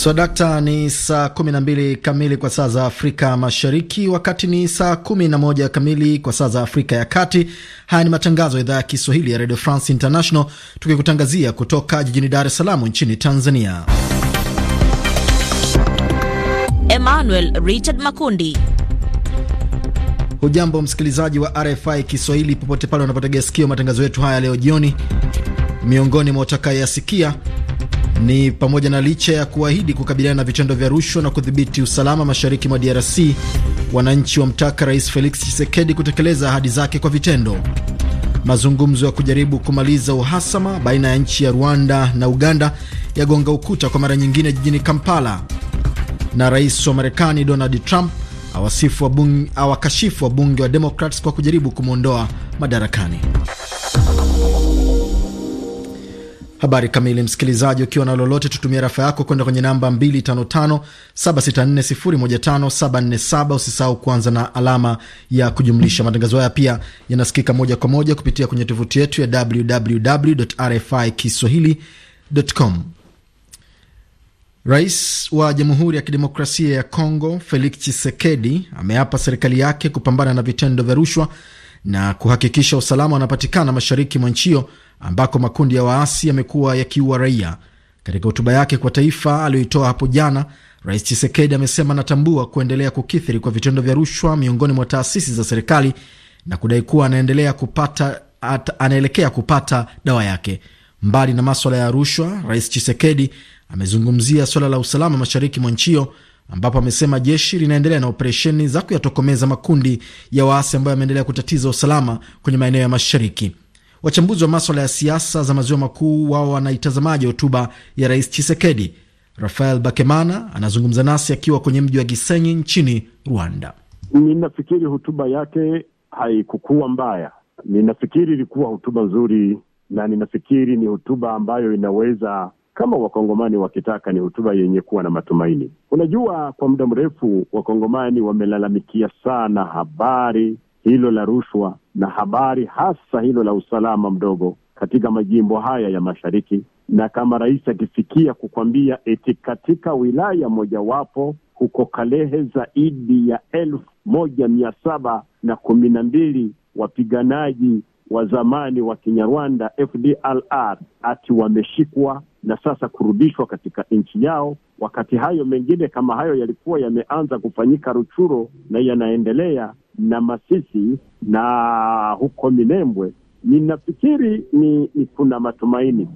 Swadakta dakta, ni saa 12 kamili kwa saa za Afrika Mashariki, wakati ni saa 11 kamili kwa saa za Afrika ya Kati. Haya ni matangazo ya idhaa ya Kiswahili ya Radio France International, tukikutangazia kutoka jijini Dar es Salaam nchini Tanzania. Emmanuel Richard Makundi. Hujambo msikilizaji wa RFI Kiswahili popote pale unapotega sikio matangazo yetu haya leo jioni. Miongoni mwa utakayasikia ni pamoja na licha ya kuahidi kukabiliana na vitendo vya rushwa na kudhibiti usalama mashariki mwa DRC, wananchi wamtaka Rais Felix Tshisekedi kutekeleza ahadi zake kwa vitendo. Mazungumzo ya kujaribu kumaliza uhasama baina ya nchi ya Rwanda na Uganda yagonga ukuta kwa mara nyingine jijini Kampala. Na rais wa Marekani Donald Trump awasifu wabunge, awakashifu wabunge wa Democrats kwa kujaribu kumwondoa madarakani. Habari kamili, msikilizaji, ukiwa na lolote, tutumia rafa yako kwenda kwenye namba 255764015747. Usisahau kuanza na alama ya kujumlisha. Matangazo haya pia yanasikika moja kwa moja kupitia kwenye tovuti yetu ya www.rfikiswahili.com. Rais wa Jamhuri ya Kidemokrasia ya Kongo Felix Tshisekedi ameapa serikali yake kupambana na vitendo vya rushwa na kuhakikisha usalama unapatikana mashariki mwa nchi hiyo ambako makundi ya waasi yamekuwa yakiua raia. Katika hotuba yake kwa taifa aliyoitoa hapo jana, Rais Chisekedi amesema anatambua kuendelea kukithiri kwa vitendo vya rushwa miongoni mwa taasisi za serikali na kudai kuwa anaendelea kupata anaelekea kupata dawa yake. Mbali na maswala ya rushwa, Rais Chisekedi amezungumzia swala la usalama mashariki mwa nchi hiyo ambapo amesema jeshi linaendelea na operesheni za kuyatokomeza makundi ya waasi ambayo yameendelea kutatiza usalama kwenye maeneo ya mashariki. Wachambuzi wa maswala ya siasa za maziwa makuu wao wanaitazamaje hotuba ya rais Chisekedi? Rafael Bakemana anazungumza nasi akiwa kwenye mji wa Gisenyi nchini Rwanda. Ninafikiri hotuba yake haikukuwa mbaya, ninafikiri ilikuwa hotuba nzuri, na ninafikiri ni hotuba ambayo inaweza kama wakongomani wakitaka, ni hotuba yenye kuwa na matumaini. Unajua, kwa muda mrefu wakongomani wamelalamikia sana habari hilo la rushwa na habari, hasa hilo la usalama mdogo katika majimbo haya ya mashariki, na kama rais akifikia kukwambia eti katika wilaya mojawapo huko Kalehe zaidi ya elfu moja mia saba na kumi na mbili wapiganaji wa zamani wa Kinyarwanda FDLR ati wameshikwa na sasa kurudishwa katika nchi yao, wakati hayo mengine kama hayo yalikuwa yameanza kufanyika Ruchuro na yanaendelea na Masisi na huko Minembwe. Ninafikiri ni, ni kuna matumaini.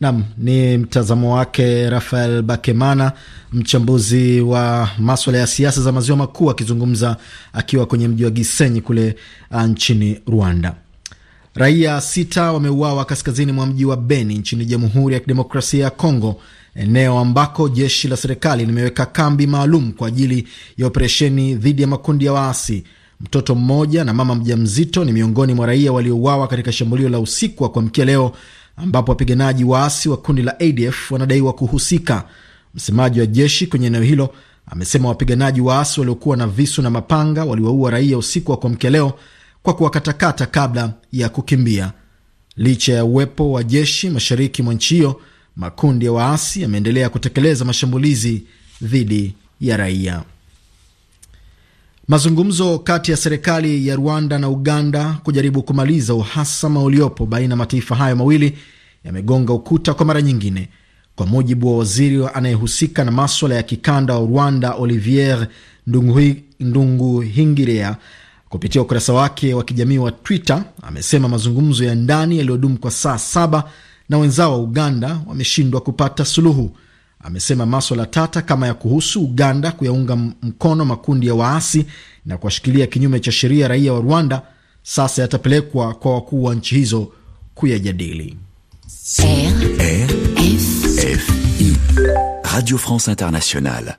Nam ni mtazamo wake Rafael Bakemana, mchambuzi wa maswala ya siasa za maziwa makuu, akizungumza akiwa kwenye mji wa Gisenyi kule uh, nchini Rwanda. Raia sita wameuawa kaskazini mwa mji wa Beni nchini Jamhuri ya Kidemokrasia ya Kongo, eneo ambako jeshi la serikali limeweka kambi maalum kwa ajili ya operesheni dhidi ya makundi ya waasi. Mtoto mmoja na mama mjamzito ni miongoni mwa raia waliouawa katika shambulio la usiku wa kuamkia leo, ambapo wapiganaji waasi wa kundi la ADF wanadaiwa kuhusika. Msemaji wa jeshi kwenye eneo hilo amesema wapiganaji waasi waliokuwa na visu na mapanga waliwaua raia usiku wa kuamkia leo kwa kuwakatakata kabla ya kukimbia. Licha ya uwepo wa jeshi mashariki mwa nchi hiyo, makundi ya waasi yameendelea kutekeleza mashambulizi dhidi ya raia. Mazungumzo kati ya serikali ya Rwanda na Uganda kujaribu kumaliza uhasama uliopo baina ya mataifa hayo mawili yamegonga ukuta kwa mara nyingine. Kwa mujibu wa waziri anayehusika na maswala ya kikanda wa Rwanda, Olivier Ndunguhingirea, Kupitia ukurasa wake wa kijamii wa Twitter amesema mazungumzo ya ndani yaliyodumu kwa saa saba na wenzao wa Uganda wameshindwa kupata suluhu. Amesema maswala tata kama ya kuhusu Uganda kuyaunga mkono makundi ya waasi na kuwashikilia kinyume cha sheria raia wa Rwanda sasa yatapelekwa kwa wakuu wa nchi hizo kuyajadili. Radio France Internationale.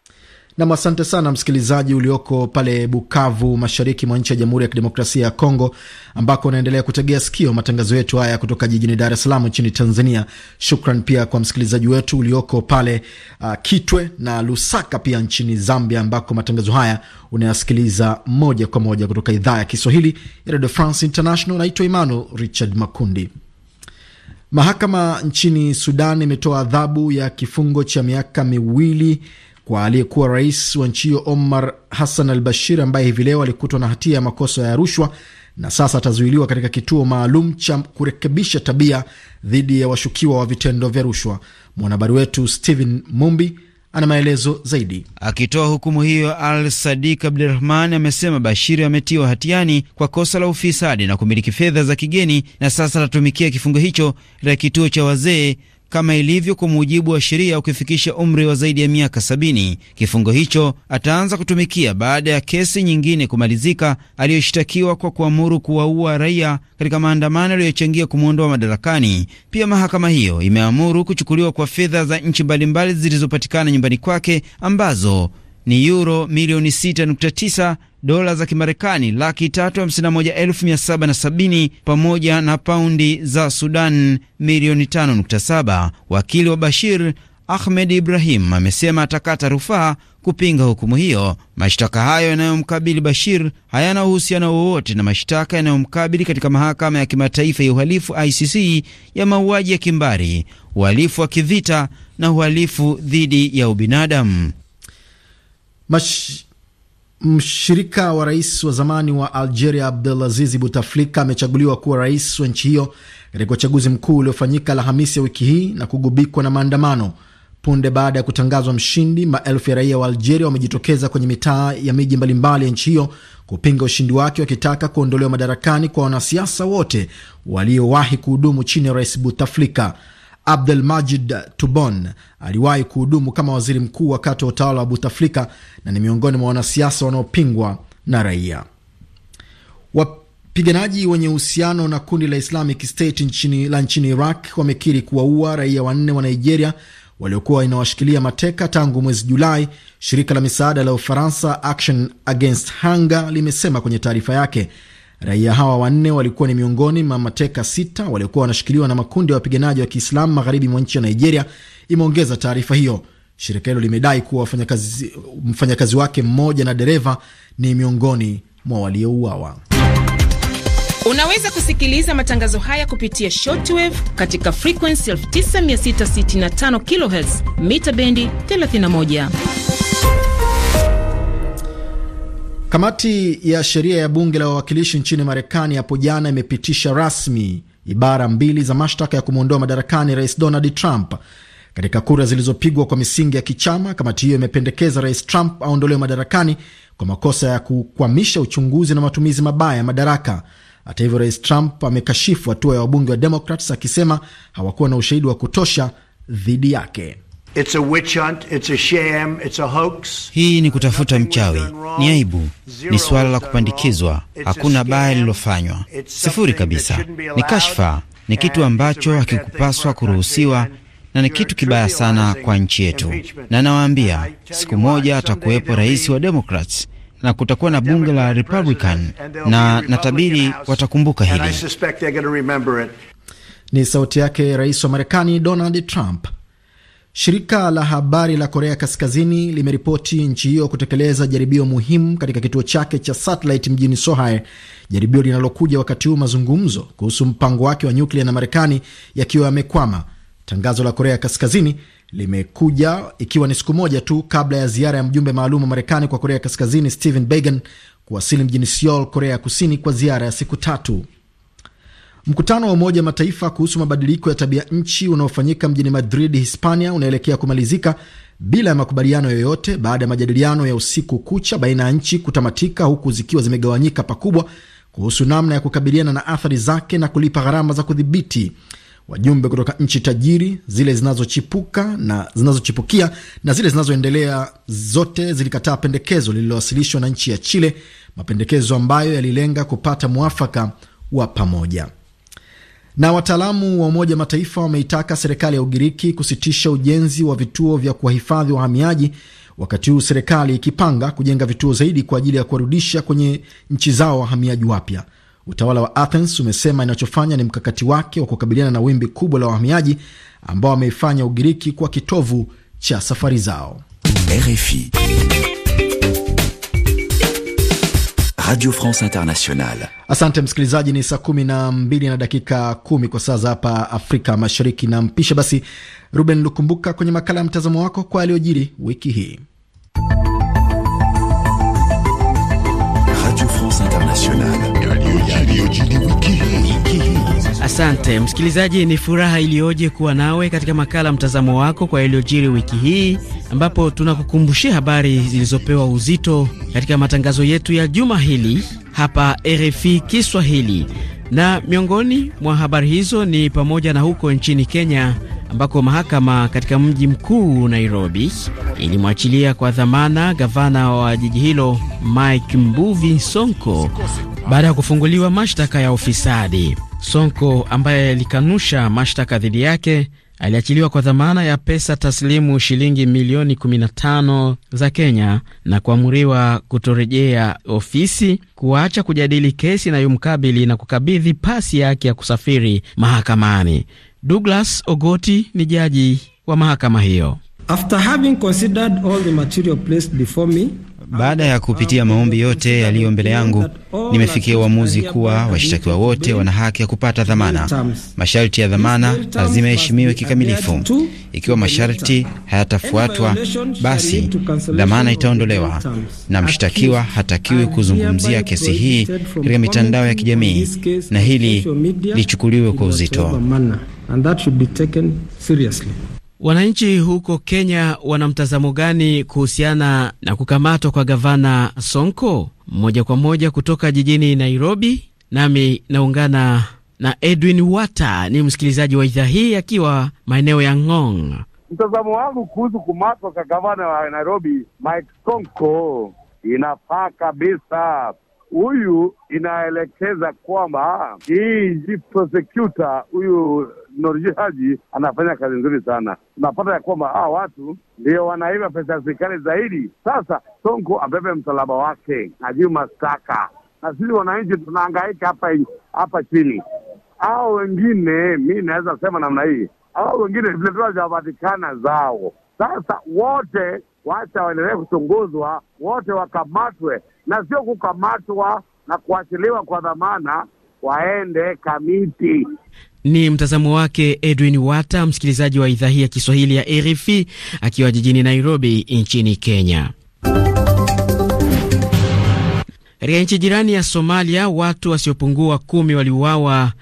Nam, asante sana msikilizaji ulioko pale Bukavu, mashariki mwa nchi ya Jamhuri ya Kidemokrasia ya Kongo, ambako unaendelea kutegea sikio matangazo yetu haya kutoka jijini Dar es Salaam nchini Tanzania. Shukran pia kwa msikilizaji wetu ulioko pale uh, Kitwe na Lusaka pia nchini Zambia, ambako matangazo haya unayasikiliza moja kwa moja kutoka idhaa ya Kiswahili ya Radio France International. Naitwa Emmanuel Richard Makundi. Mahakama nchini Sudan imetoa adhabu ya kifungo cha miaka miwili kwa aliyekuwa rais wa nchi hiyo Omar Hassan al Bashir, ambaye hivi leo alikutwa na hatia ya makosa ya rushwa na sasa atazuiliwa katika kituo maalum cha kurekebisha tabia dhidi ya washukiwa wa vitendo vya rushwa. Mwanahabari wetu stehen Mumbi ana maelezo zaidi. Akitoa hukumu hiyo, Al Sadik Abdurahman amesema Bashiri ametiwa hatiani kwa kosa la ufisadi na kumiliki fedha za kigeni, na sasa atatumikia kifungo hicho katika kituo cha wazee kama ilivyo kwa mujibu wa sheria. Ukifikisha umri wa zaidi ya miaka sabini, kifungo hicho ataanza kutumikia baada ya kesi nyingine kumalizika, aliyoshtakiwa kwa kuamuru kuwaua raia katika maandamano yaliyochangia kumwondoa madarakani. Pia mahakama hiyo imeamuru kuchukuliwa kwa fedha za nchi mbalimbali zilizopatikana nyumbani kwake ambazo ni euro milioni 6.9, dola za Kimarekani laki 351770 pamoja na paundi za Sudan milioni 5.7. Wakili wa Bashir Ahmed Ibrahim amesema atakata rufaa kupinga hukumu hiyo. Mashtaka hayo yanayomkabili Bashir hayana uhusiano wowote na mashtaka yanayomkabili katika mahakama ya kimataifa ya uhalifu ICC ya mauaji ya kimbari, uhalifu wa kivita na uhalifu dhidi ya ubinadamu. Mash... Mshirika wa rais wa zamani wa Algeria Abdelaziz Bouteflika amechaguliwa kuwa rais wa nchi hiyo katika uchaguzi mkuu uliofanyika Alhamisi ya wiki hii na kugubikwa na maandamano. Punde baada ya kutangazwa mshindi, maelfu ya raia wa Algeria wamejitokeza kwenye mitaa ya miji mbalimbali ya nchi hiyo kupinga ushindi wake, wakitaka kuondolewa madarakani kwa wanasiasa wote waliowahi kuhudumu chini ya rais Bouteflika. Abdelmajid Tubon aliwahi kuhudumu kama waziri mkuu wakati wa utawala wa Buteflika na ni miongoni mwa wanasiasa wanaopingwa na raia. Wapiganaji wenye uhusiano na kundi la Islamic State nchini, la nchini Iraq wamekiri kuwaua raia wanne wa Nigeria waliokuwa inawashikilia mateka tangu mwezi Julai. Shirika la misaada la Ufaransa Action Against Hunger limesema kwenye taarifa yake. Raia hawa wanne walikuwa ni miongoni mwa mateka sita waliokuwa wanashikiliwa na makundi ya wa wapiganaji wa Kiislamu magharibi mwa nchi ya Nigeria, imeongeza taarifa hiyo. Shirika hilo limedai kuwa mfanyakazi wake mmoja na dereva ni miongoni mwa waliouawa. Unaweza kusikiliza matangazo haya kupitia shortwave katika frekuensi 9665 kHz mita bendi 31. Kamati ya sheria ya bunge la wawakilishi nchini Marekani hapo jana imepitisha rasmi ibara mbili za mashtaka ya kumwondoa madarakani rais Donald Trump. Katika kura zilizopigwa kwa misingi ya kichama, kamati hiyo imependekeza rais Trump aondolewe madarakani kwa makosa ya kukwamisha uchunguzi na matumizi mabaya ya madaraka. Hata hivyo, rais Trump amekashifu hatua ya wabunge wa Democrats akisema hawakuwa na ushahidi wa kutosha dhidi yake. It's a witch hunt, it's a sham, it's a hoax. Hii ni kutafuta mchawi, ni aibu, ni suala la kupandikizwa. Hakuna baya lililofanywa, sifuri kabisa. Ni kashfa, ni kitu ambacho hakikupaswa kuruhusiwa na ni kitu kibaya sana kwa nchi yetu. Na nawaambia siku moja atakuwepo rais wa Democrats na kutakuwa na bunge la Republican na natabiri watakumbuka hili. Ni sauti yake rais wa Marekani Donald Trump Shirika la habari la Korea Kaskazini limeripoti nchi hiyo kutekeleza jaribio muhimu katika kituo chake cha satellite mjini Sohae, jaribio linalokuja wakati huu mazungumzo kuhusu mpango wake wa nyuklia na Marekani yakiwa yamekwama. Tangazo la Korea Kaskazini limekuja ikiwa ni siku moja tu kabla ya ziara ya mjumbe maalum wa Marekani kwa Korea Kaskazini Stephen began kuwasili mjini Seoul, Korea ya Kusini, kwa ziara ya siku tatu. Mkutano wa Umoja Mataifa kuhusu mabadiliko ya tabia nchi unaofanyika mjini Madrid, Hispania, unaelekea kumalizika bila ya makubaliano yoyote baada ya majadiliano ya usiku kucha baina ya nchi kutamatika, huku zikiwa zimegawanyika pakubwa kuhusu namna ya kukabiliana na athari zake na kulipa gharama za kudhibiti. Wajumbe kutoka nchi tajiri, zile zinazochipuka na zinazochipukia na zile zinazoendelea, zote zilikataa pendekezo lililowasilishwa na nchi ya Chile, mapendekezo ambayo yalilenga kupata mwafaka wa pamoja. Na wataalamu wa Umoja Mataifa wameitaka serikali ya Ugiriki kusitisha ujenzi wa vituo vya kuwahifadhi wahamiaji, wakati huu serikali ikipanga kujenga vituo zaidi kwa ajili ya kuwarudisha kwenye nchi zao wahamiaji wapya. Utawala wa Athens umesema inachofanya ni mkakati wake wa kukabiliana na wimbi kubwa la wahamiaji ambao wameifanya Ugiriki kuwa kitovu cha safari zao. RFI. Radio France Internationale. Asante msikilizaji, ni saa kumi na mbili na dakika kumi kwa saa za hapa Afrika Mashariki, na mpisha basi Ruben Lukumbuka kwenye makala ya mtazamo wako kwa yaliyojiri wiki hii. Radio France Internationale. Asante msikilizaji, ni furaha iliyoje kuwa nawe katika makala mtazamo wako kwa yaliyojiri wiki hii, ambapo tunakukumbushia habari zilizopewa uzito katika matangazo yetu ya juma hili hapa RFI Kiswahili, na miongoni mwa habari hizo ni pamoja na huko nchini Kenya ambako mahakama katika mji mkuu Nairobi ilimwachilia kwa dhamana gavana wa jiji hilo Mike Mbuvi Sonko baada ya kufunguliwa mashtaka ya ufisadi. Sonko ambaye alikanusha mashtaka dhidi yake aliachiliwa kwa dhamana ya pesa taslimu shilingi milioni 15 za Kenya na kuamuriwa kutorejea ofisi, kuacha kujadili kesi inayomkabili na kukabidhi pasi yake ya kusafiri mahakamani. Douglas Ogoti ni jaji wa mahakama hiyo. After having considered all the material placed before me baada ya kupitia maombi yote yaliyo mbele yangu, nimefikia uamuzi kuwa washtakiwa wote wana haki ya kupata dhamana. Masharti ya dhamana lazima yaheshimiwe kikamilifu. Ikiwa masharti hayatafuatwa, basi dhamana itaondolewa, na mshtakiwa hatakiwi kuzungumzia kesi hii katika mitandao ya kijamii, na hili lichukuliwe kwa uzito. Wananchi huko Kenya wana mtazamo gani kuhusiana na kukamatwa kwa gavana Sonko? Moja kwa moja kutoka jijini Nairobi, nami naungana na Edwin Wata, ni msikilizaji wa idhaa hii akiwa maeneo ya Ngong. Mtazamo wangu kuhusu kumatwa kwa gavana wa Nairobi Mike Sonko, inafaa kabisa huyu inaelekeza kwamba hii prosecutor huyu Noordin Haji anafanya kazi nzuri sana. Tunapata ya kwamba hawa watu ndio wanaiba pesa ya serikali zaidi. Sasa Sonko abebe msalaba wake, ajue mashtaka, na sisi wananchi tunahangaika hapa hapa chini. Hao wengine, mi naweza sema namna hii, hao wengine vile tu hawajapatikana zao. Sasa wote wacha waendelee kuchunguzwa, wote wakamatwe, na sio kukamatwa na kuachiliwa kwa dhamana waende kamiti. Ni mtazamo wake Edwin Wata, msikilizaji wa idhaa hii ya Kiswahili ya RFI akiwa jijini Nairobi nchini Kenya. Katika nchi jirani ya Somalia, watu wasiopungua kumi waliuawa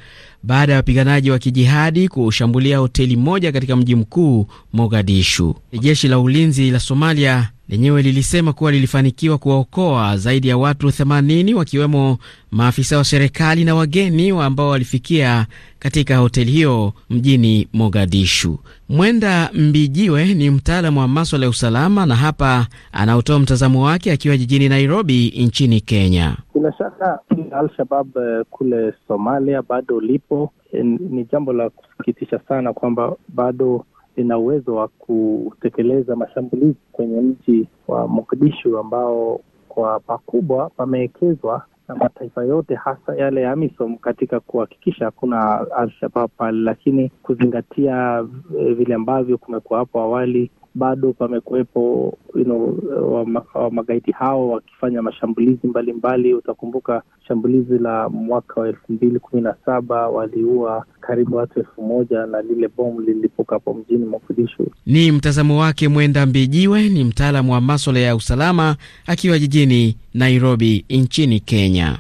baada ya wapiganaji wa kijihadi kushambulia hoteli moja katika mji mkuu Mogadishu. Jeshi la ulinzi la Somalia lenyewe lilisema kuwa lilifanikiwa kuwaokoa zaidi ya watu 80 wakiwemo maafisa wa serikali na wageni wa ambao walifikia katika hoteli hiyo mjini Mogadishu. Mwenda Mbijiwe ni mtaalamu wa maswala ya usalama na hapa anaotoa mtazamo wake akiwa jijini Nairobi nchini Kenya. Bila shaka Al-Shabab eh, kule Somalia bado lipo. Eh, ni jambo la kusikitisha sana kwamba bado ina uwezo wa kutekeleza mashambulizi kwenye mji wa Mogadishu ambao kwa pakubwa pamewekezwa na mataifa yote hasa yale ya AMISOM katika kuhakikisha hakuna Alshabab pale, lakini kuzingatia eh, vile ambavyo kumekuwa hapo awali bado pamekuwepo you know, magaidi hao wakifanya mashambulizi mbalimbali mbali. Utakumbuka shambulizi la mwaka wa elfu mbili kumi na saba waliua karibu watu elfu moja na lile bomu lilipuka hapo mjini Mogadishu. Ni mtazamo wake Mwenda Mbijiwe, ni mtaalamu wa maswala ya usalama akiwa jijini Nairobi nchini Kenya.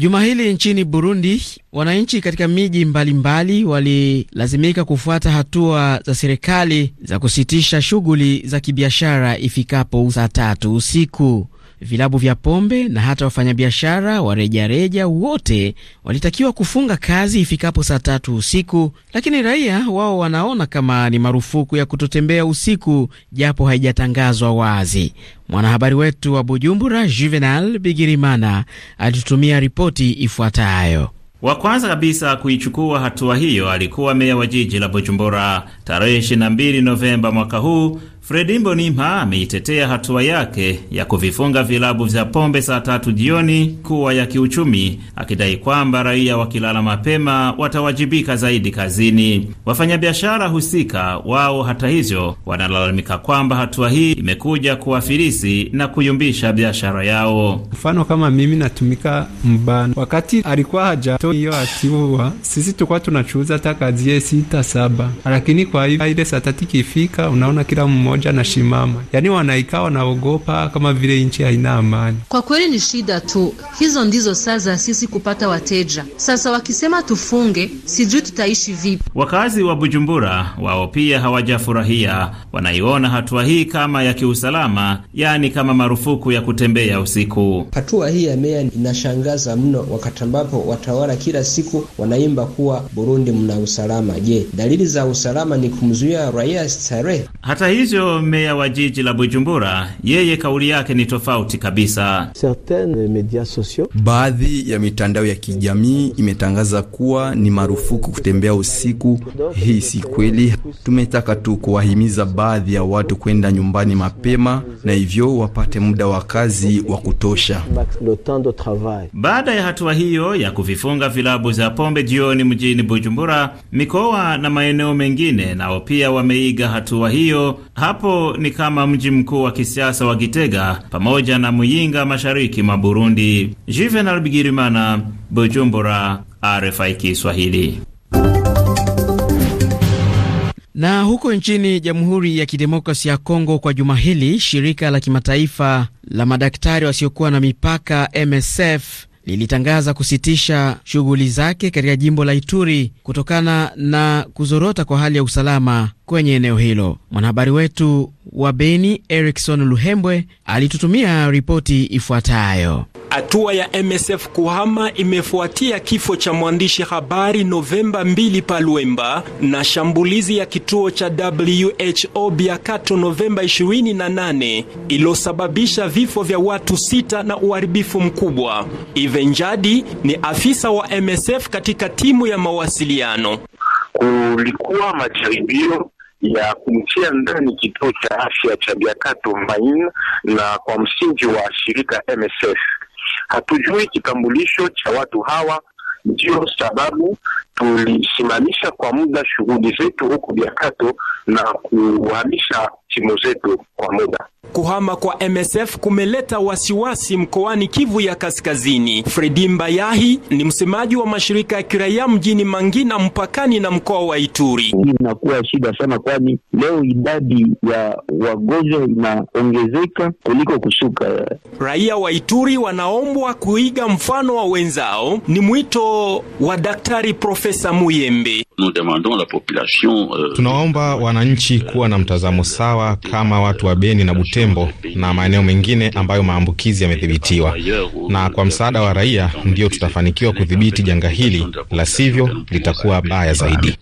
Juma hili nchini Burundi, wananchi katika miji mbalimbali walilazimika kufuata hatua za serikali za kusitisha shughuli za kibiashara ifikapo saa tatu usiku vilabu vya pombe na hata wafanyabiashara wa rejareja wote walitakiwa kufunga kazi ifikapo saa tatu usiku, lakini raia wao wanaona kama ni marufuku ya kutotembea usiku, japo haijatangazwa wazi. Mwanahabari wetu wa Bujumbura, Juvenal Bigirimana, alitutumia ripoti ifuatayo. Wa kwanza kabisa kuichukua hatua hiyo alikuwa meya wa jiji la Bujumbura tarehe 22 Novemba mwaka huu Fredi Mbonimpa ameitetea hatua yake ya kuvifunga vilabu vya pombe saa tatu jioni kuwa ya kiuchumi, akidai kwamba raia wakilala mapema watawajibika zaidi kazini. Wafanyabiashara husika wao, hata hivyo, wanalalamika kwamba hatua hii imekuja kuwafilisi na kuyumbisha biashara yao. Mfano kama mimi natumika mbano, wakati alikuwa hajato hiyo hatua, sisi tulikuwa tunachuuza hata sita saba, lakini kwa hiyo ile saa tatu ikifika, unaona kila mmoja uwanja na shimama, yaani wanaikaa wanaogopa kama vile nchi haina amani. Kwa kweli ni shida tu, hizo ndizo saa za sisi kupata wateja. Sasa wakisema tufunge, sijui tutaishi vipi. Wakazi wa Bujumbura wao pia hawajafurahia, wanaiona hatua hii kama ya kiusalama, yaani kama marufuku ya kutembea usiku. Hatua hii ya meya inashangaza mno, wakati ambapo watawala kila siku wanaimba kuwa Burundi mna usalama. Je, dalili za usalama ni kumzuia raia starehe? Hata hivyo mea meya wa jiji la Bujumbura, yeye kauli yake ni tofauti kabisa. Baadhi ya mitandao ya kijamii imetangaza kuwa ni marufuku kutembea usiku. Hii si kweli. Tumetaka tu kuwahimiza baadhi ya watu kwenda nyumbani mapema na hivyo wapate muda wa kazi wa kutosha. Baada ya hatua hiyo ya kuvifunga vilabu za pombe jioni mjini Bujumbura, mikoa na maeneo mengine nao pia wameiga hatua hiyo hapa hapo ni kama mji mkuu wa kisiasa wa Gitega pamoja na Muyinga mashariki mwa Burundi. Juvenal Bigirimana, Bujumbura, RFI Kiswahili. Na huko nchini Jamhuri ya Kidemokrasi ya Kongo, kwa juma hili shirika la kimataifa la madaktari wasiokuwa na mipaka MSF lilitangaza kusitisha shughuli zake katika jimbo la Ituri kutokana na kuzorota kwa hali ya usalama kwenye eneo hilo. Mwanahabari wetu wa Beni Erikson Luhembwe alitutumia ripoti ifuatayo. Hatua ya MSF kuhama imefuatia kifo cha mwandishi habari Novemba 2 Palwemba na shambulizi ya kituo cha WHO Biakato Novemba 28 ilosababisha vifo vya watu sita na uharibifu mkubwa. Ivenjadi ni afisa wa MSF katika timu ya mawasiliano. Kulikuwa majaribio ya kumtia ndani kituo cha afya cha Biakato Main na kwa msingi wa shirika MSF. Hatujui kitambulisho cha watu hawa, ndio sababu tulisimamisha kwa muda shughuli zetu huku Biakato na kuhamisha timu zetu kwa muda. Kuhama kwa MSF kumeleta wasiwasi mkoani Kivu ya Kaskazini. Fredi Mbayahi ni msemaji wa mashirika ya kiraia mjini Mangina mpakani na mkoa wa Ituri. Hii inakuwa shida sana, kwani leo idadi ya wagonjwa inaongezeka kuliko kushuka. Raia wa Ituri wanaombwa kuiga mfano wa wenzao. Ni mwito wa Daktari Prof Profesa Muyembe. Euh, Tunaomba wananchi kuwa na mtazamo sawa kama watu wa Beni na Butembo na maeneo mengine ambayo maambukizi yamethibitiwa, na kwa msaada wa raia ndio tutafanikiwa kudhibiti janga hili, la sivyo litakuwa baya zaidi.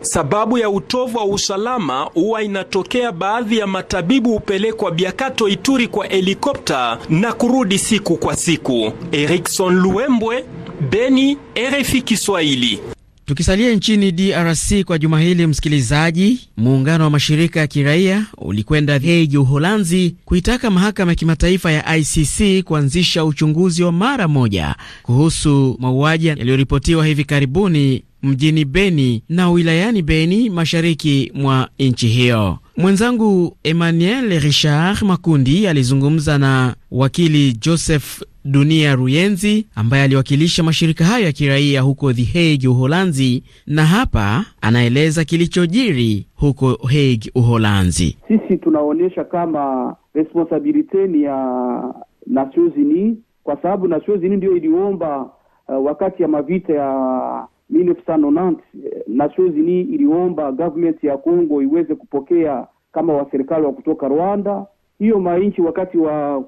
Sababu ya utovu wa usalama huwa inatokea baadhi ya matabibu hupelekwa Biakato, Ituri kwa helikopta na kurudi siku kwa siku. Erikson Luembwe Beni, RFI Kiswahili. Tukisalia nchini DRC kwa juma hili, msikilizaji, muungano wa mashirika ya kiraia ulikwenda Hague, Uholanzi, kuitaka mahakama ya kimataifa ya ICC kuanzisha uchunguzi wa mara moja kuhusu mauaji yaliyoripotiwa hivi karibuni mjini Beni na wilayani Beni, mashariki mwa nchi hiyo. Mwenzangu Emmanuel Richard Makundi alizungumza na wakili Joseph Dunia Ruyenzi ambaye aliwakilisha mashirika hayo ya kiraia huko The Hague, Uholanzi, na hapa anaeleza kilichojiri huko Hague, Uholanzi. Sisi tunaonyesha kama responsabiliteni ya Nations Unies kwa sababu Nations Unies ndio iliomba uh, wakati ya mavita ya 1990 Nations Unies iliomba government ya Congo iweze kupokea kama waserikali wa kutoka Rwanda hiyo manchi wakati wa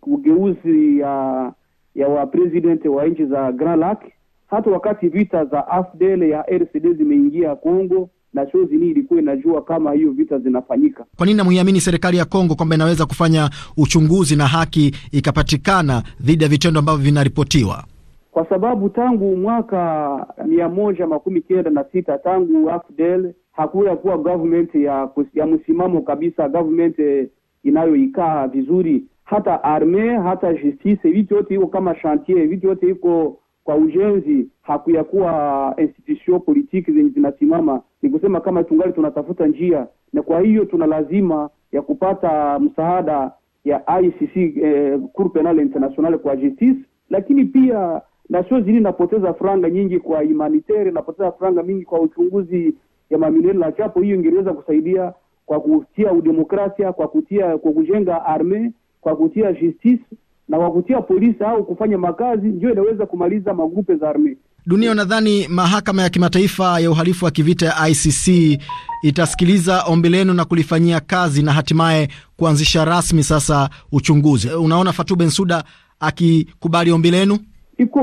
kugeuzi ya ya wa president wa nchi za Grand Lac, hata wakati vita za AFDL ya RCD zimeingia Kongo na shozi ni ilikuwa inajua kama hiyo vita zinafanyika. Kwa nini namuiamini serikali ya Kongo kwamba inaweza kufanya uchunguzi na haki ikapatikana dhidi ya vitendo ambavyo vinaripotiwa? Kwa sababu tangu mwaka mia moja makumi kenda na sita tangu AFDL hakuya kuwa government ya, ya msimamo kabisa government eh, inayoikaa vizuri, hata arme hata justice, vitu yote iko kama chantier, vitu yote iko kwa ujenzi. Hakuyakuwa institution politiki zenye zinasimama, ni kusema kama tungali tunatafuta njia, na kwa hiyo tuna lazima ya kupata msaada ya ICC eh, Cour Penal International kwa justice, lakini pia nation zini napoteza franga nyingi kwa humanitarian, napoteza franga mingi kwa uchunguzi ya mamilioni, na chapo. hiyo ingeweza kusaidia kwa kutia udemokrasia, kwa kutia kwa kujenga arme, kwa kutia justice na kwa kutia polisi au kufanya makazi, ndio inaweza kumaliza magrupe za arme dunia. unadhani mahakama ya kimataifa ya uhalifu wa kivita ya ICC itasikiliza ombi lenu na kulifanyia kazi na hatimaye kuanzisha rasmi sasa uchunguzi. Unaona Fatou Bensouda akikubali ombi lenu iko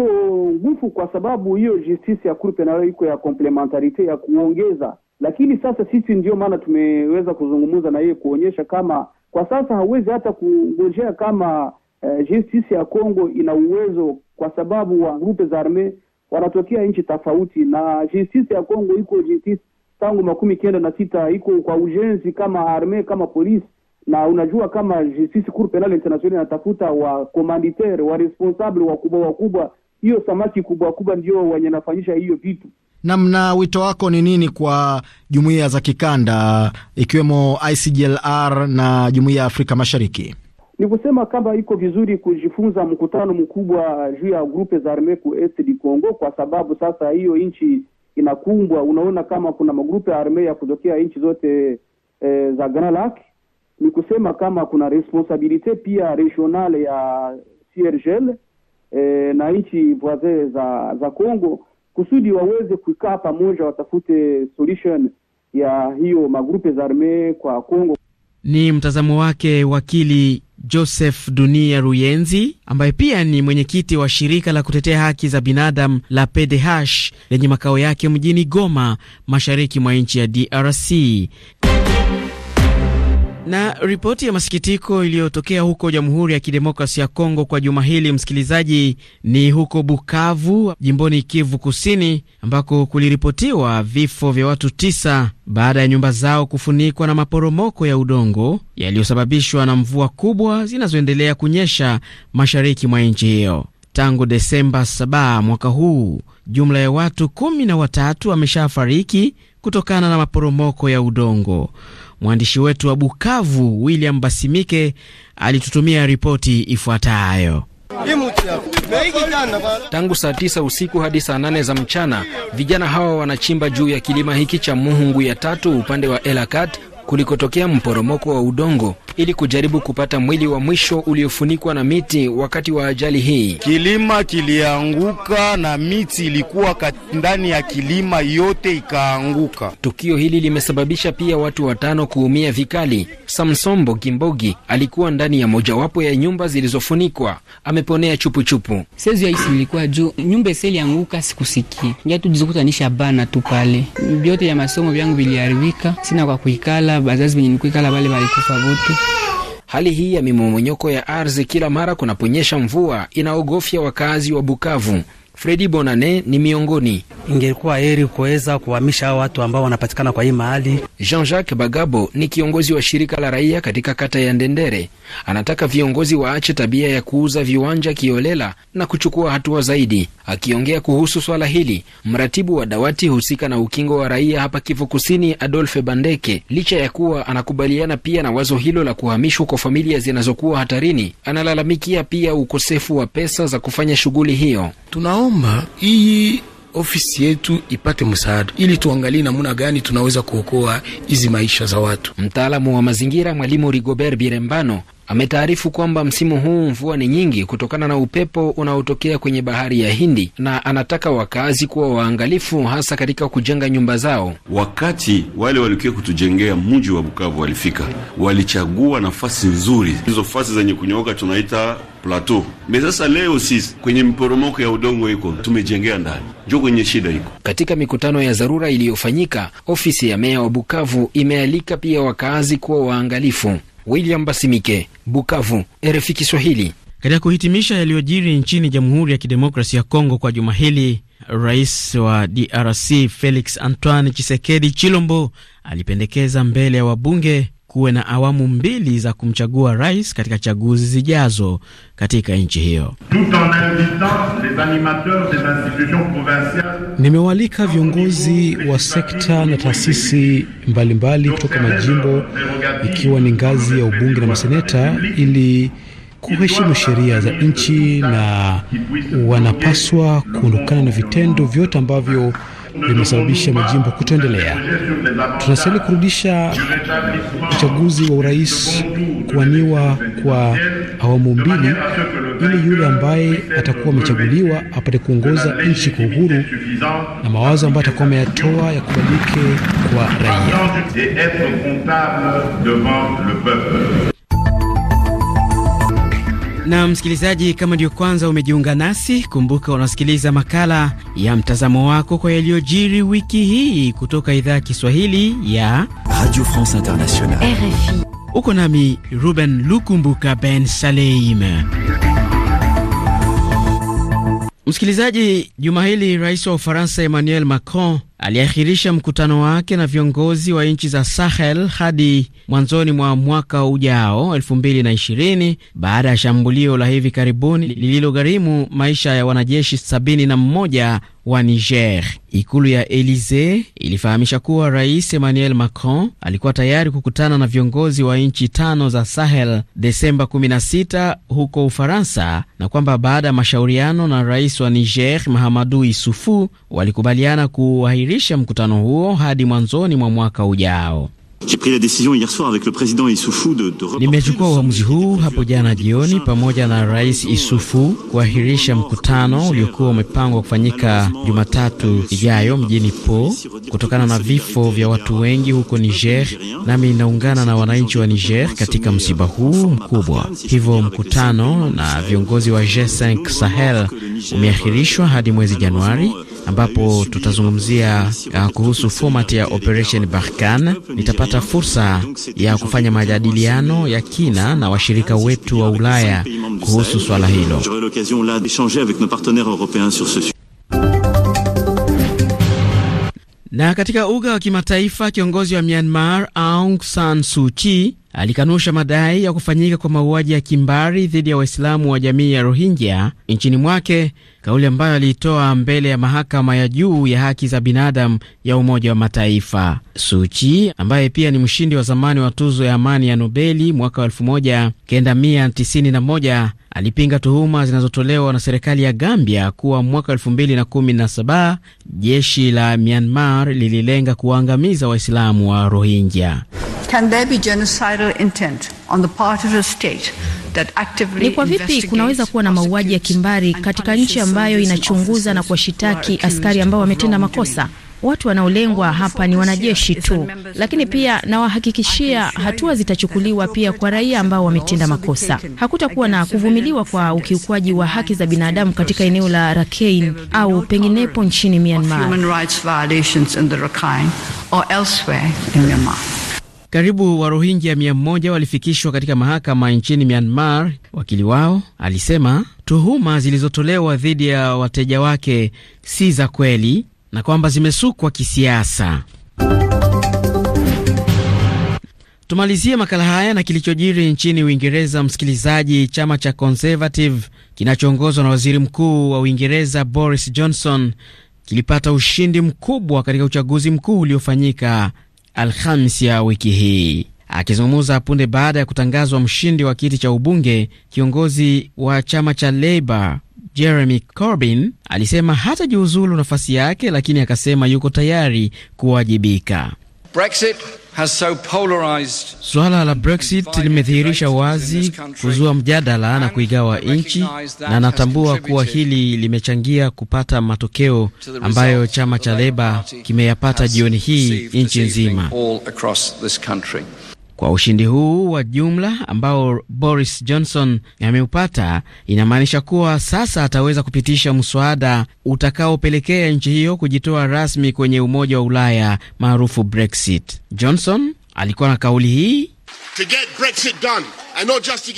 nguvu, kwa sababu hiyo justice ya cour penal iko ya komplementarite ya kuongeza lakini sasa sisi ndio maana tumeweza kuzungumza na yeye kuonyesha kama kwa sasa hawezi hata kungojea kama eh, justice ya Kongo ina uwezo, kwa sababu wa grupe za arme wanatokea nchi tofauti, na justice ya Kongo iko justice tangu makumi kenda na sita iko kwa ujenzi kama arme kama polisi na unajua kama justice cour penal international inatafuta wa commanditaire wa responsable wakubwa wakubwa, hiyo samaki kubwa kubwa ndio wenye nafanyisha hiyo vitu. Namna wito wako ni nini kwa jumuiya za kikanda ikiwemo ICGLR na jumuiya ya Afrika Mashariki? Ni kusema kama iko vizuri kujifunza mkutano mkubwa juu ya grupe za armeku est du Congo, kwa sababu sasa hiyo nchi inakumbwa, unaona kama kuna magrupe ya arme ya kutokea nchi zote e, za Grand Lac. Ni kusema kama kuna responsabilite pia regionale ya CIRGL e, eh, na nchi voisin za za Congo kusudi waweze kukaa pamoja, watafute solution ya hiyo magrupe za arme kwa Kongo. Ni mtazamo wake wakili Joseph Dunia Ruyenzi ambaye pia ni mwenyekiti wa shirika la kutetea haki za binadamu la PDH lenye makao yake mjini Goma, mashariki mwa nchi ya DRC. Na ripoti ya masikitiko iliyotokea huko Jamhuri ya Kidemokrasia ya Kongo kwa juma hili, msikilizaji, ni huko Bukavu, jimboni Kivu Kusini, ambako kuliripotiwa vifo vya watu tisa baada ya nyumba zao kufunikwa na maporomoko ya udongo yaliyosababishwa na mvua kubwa zinazoendelea kunyesha mashariki mwa nchi hiyo. Tangu Desemba 7 mwaka huu, jumla ya watu kumi na watatu wameshafariki kutokana na maporomoko ya udongo. Mwandishi wetu wa Bukavu William Basimike alitutumia ripoti ifuatayo. Tangu saa tisa usiku hadi saa nane za mchana, vijana hawa wanachimba juu ya kilima hiki cha Muhungu ya tatu upande wa Elakat kulikotokea mporomoko wa udongo ili kujaribu kupata mwili wa mwisho uliofunikwa na miti wakati wa ajali hii. Kilima kilianguka na miti ilikuwa ndani ya kilima yote ikaanguka. Tukio hili limesababisha pia watu watano kuumia vikali. Samsombo Gimbogi alikuwa ndani ya mojawapo ya nyumba zilizofunikwa, ameponea chupuchupu. Sezi ya isi ilikuwa juu nyumba anguka, bana tu pale, vyote ya masomo vyangu viliharibika, sina kwa kuikala hata bazazi venye nikuikala vale valikufa vote. Hali hii ya mimomonyoko ya ardhi kila mara kunaponyesha mvua inaogofya wakazi wa Bukavu. Fredi Bonane ni miongoni. Ingekuwa heri kuweza kuhamisha hao watu ambao wanapatikana kwa hii mahali. Jean-Jacques Bagabo ni kiongozi wa shirika la raia katika kata ya Ndendere, anataka viongozi waache tabia ya kuuza viwanja kiolela na kuchukua hatua zaidi. Akiongea kuhusu swala hili, mratibu wa dawati husika na ukingo wa raia hapa Kivu Kusini, adolfe Bandeke, licha ya kuwa anakubaliana pia na wazo hilo la kuhamishwa kwa familia zinazokuwa hatarini, analalamikia pia ukosefu wa pesa za kufanya shughuli hiyo. Tunao tunaomba hii ofisi yetu ipate msaada ili tuangalie namna gani tunaweza kuokoa hizi maisha za watu. Mtaalamu wa mazingira Mwalimu Rigobert Birembano ametaarifu kwamba msimu huu mvua ni nyingi kutokana na upepo unaotokea kwenye bahari ya Hindi, na anataka wakazi kuwa waangalifu, hasa katika kujenga nyumba zao. Wakati wale waliokia kutujengea mji wa Bukavu walifika, walichagua nafasi nzuri, hizo fasi zenye kunyooka tunaita plateau. Me sasa leo sisi kwenye mporomoko ya udongo iko tumejengea ndani, njo kwenye shida iko. Katika mikutano ya dharura iliyofanyika, ofisi ya meya wa Bukavu imealika pia wakaazi kuwa waangalifu. William Basimike, Bukavu, RFI Kiswahili. Katika kuhitimisha yaliyojiri nchini Jamhuri ya kidemokrasi ya Kongo kwa juma hili, rais wa DRC Felix Antoine Chisekedi Chilombo alipendekeza mbele ya wabunge kuwe na awamu mbili za kumchagua rais katika chaguzi zijazo katika nchi hiyo. Nimewaalika viongozi wa sekta na taasisi mbalimbali kutoka majimbo, ikiwa ni ngazi ya ubunge na maseneta, ili kuheshimu sheria za nchi na wanapaswa kuondokana na vitendo vyote ambavyo vimesababisha majimbo kutoendelea. Tunastahili kurudisha uchaguzi wa urais kuwaniwa kwa awamu mbili, ili yule ambaye atakuwa amechaguliwa apate kuongoza nchi kwa uhuru na mawazo ambayo atakuwa ameyatoa yakubalike kwa raia. Na msikilizaji, kama ndio kwanza umejiunga nasi, kumbuka unasikiliza makala ya mtazamo wako kwa yaliyojiri wiki hii kutoka idhaa ya Kiswahili ya Radio France Internationale, RFI. Uko nami Ruben Lukumbuka Ben Saleim. Msikilizaji, juma hili rais wa Ufaransa Emmanuel Macron aliahirisha mkutano wake na viongozi wa nchi za Sahel hadi mwanzoni mwa mwaka ujao 2020 baada ya shambulio la hivi karibuni lililogharimu maisha ya wanajeshi 71 wa Niger. Ikulu ya Elisee ilifahamisha kuwa Rais Emmanuel Macron alikuwa tayari kukutana na viongozi wa nchi tano za Sahel Desemba 16 huko Ufaransa, na kwamba baada ya mashauriano na rais wa Niger Mahamadu Isufu walikubaliana ku kuahirisha mkutano huo hadi mwanzoni mwa mwaka ujao. Nimechukua uamuzi huu hapo jana jioni pamoja na Rais Isufu kuahirisha mkutano uliokuwa umepangwa kufanyika Jumatatu ijayo mjini Po kutokana na vifo vya watu wengi huko Niger, nami inaungana na wananchi wa Niger katika msiba huu mkubwa. Hivyo mkutano na viongozi wa G5 Sahel umeahirishwa hadi mwezi Januari ambapo tutazungumzia uh, kuhusu format ya Operation Barkan. Nitapata fursa ya kufanya majadiliano ya kina na washirika wetu wa Ulaya kuhusu swala hilo. Na katika uga wa kimataifa, kiongozi wa Myanmar Aung San Suu Kyi alikanusha madai ya kufanyika kwa mauaji ya kimbari dhidi ya Waislamu wa jamii ya Rohingya nchini mwake kauli ambayo aliitoa mbele ya mahakama ya juu ya haki za binadamu ya Umoja wa Mataifa. Suchi ambaye pia ni mshindi wa zamani wa tuzo ya amani ya Nobeli mwaka wa 1991 alipinga tuhuma zinazotolewa na serikali ya Gambia kuwa mwaka 217 jeshi la Myanmar lililenga kuwaangamiza Waislamu wa Rohingya. Can there be genocidal intent on the part of the state? ni kwa vipi kunaweza kuwa na mauaji ya kimbari katika nchi ambayo inachunguza na kuwashitaki askari ambao wametenda makosa? Watu wanaolengwa hapa ni wanajeshi tu, lakini pia nawahakikishia hatua zitachukuliwa pia kwa raia ambao wametenda makosa. Hakutakuwa na kuvumiliwa kwa ukiukwaji wa haki za binadamu katika eneo la Rakhine au penginepo nchini Myanmar. Karibu Warohingya mia moja walifikishwa katika mahakama nchini Myanmar. Wakili wao alisema tuhuma zilizotolewa dhidi ya wateja wake si za kweli na kwamba zimesukwa kisiasa. Tumalizie makala haya na kilichojiri nchini Uingereza. Msikilizaji, chama cha Conservative kinachoongozwa na waziri mkuu wa Uingereza Boris Johnson kilipata ushindi mkubwa katika uchaguzi mkuu uliofanyika Alhamis ya wiki hii. Akizungumza punde baada ya kutangazwa mshindi wa kiti cha ubunge, kiongozi wa chama cha Labour Jeremy Corbyn alisema hatajiuzulu nafasi yake, lakini akasema yuko tayari kuwajibika. Brexit has so polarized. Suala la Brexit limedhihirisha wazi kuzua mjadala na kuigawa nchi, na natambua kuwa hili limechangia kupata matokeo ambayo chama cha Leba kimeyapata jioni hii nchi nzima. Kwa ushindi huu wa jumla ambao Boris Johnson ameupata, inamaanisha kuwa sasa ataweza kupitisha mswada utakaopelekea nchi hiyo kujitoa rasmi kwenye Umoja wa Ulaya maarufu Brexit. Johnson alikuwa na kauli hii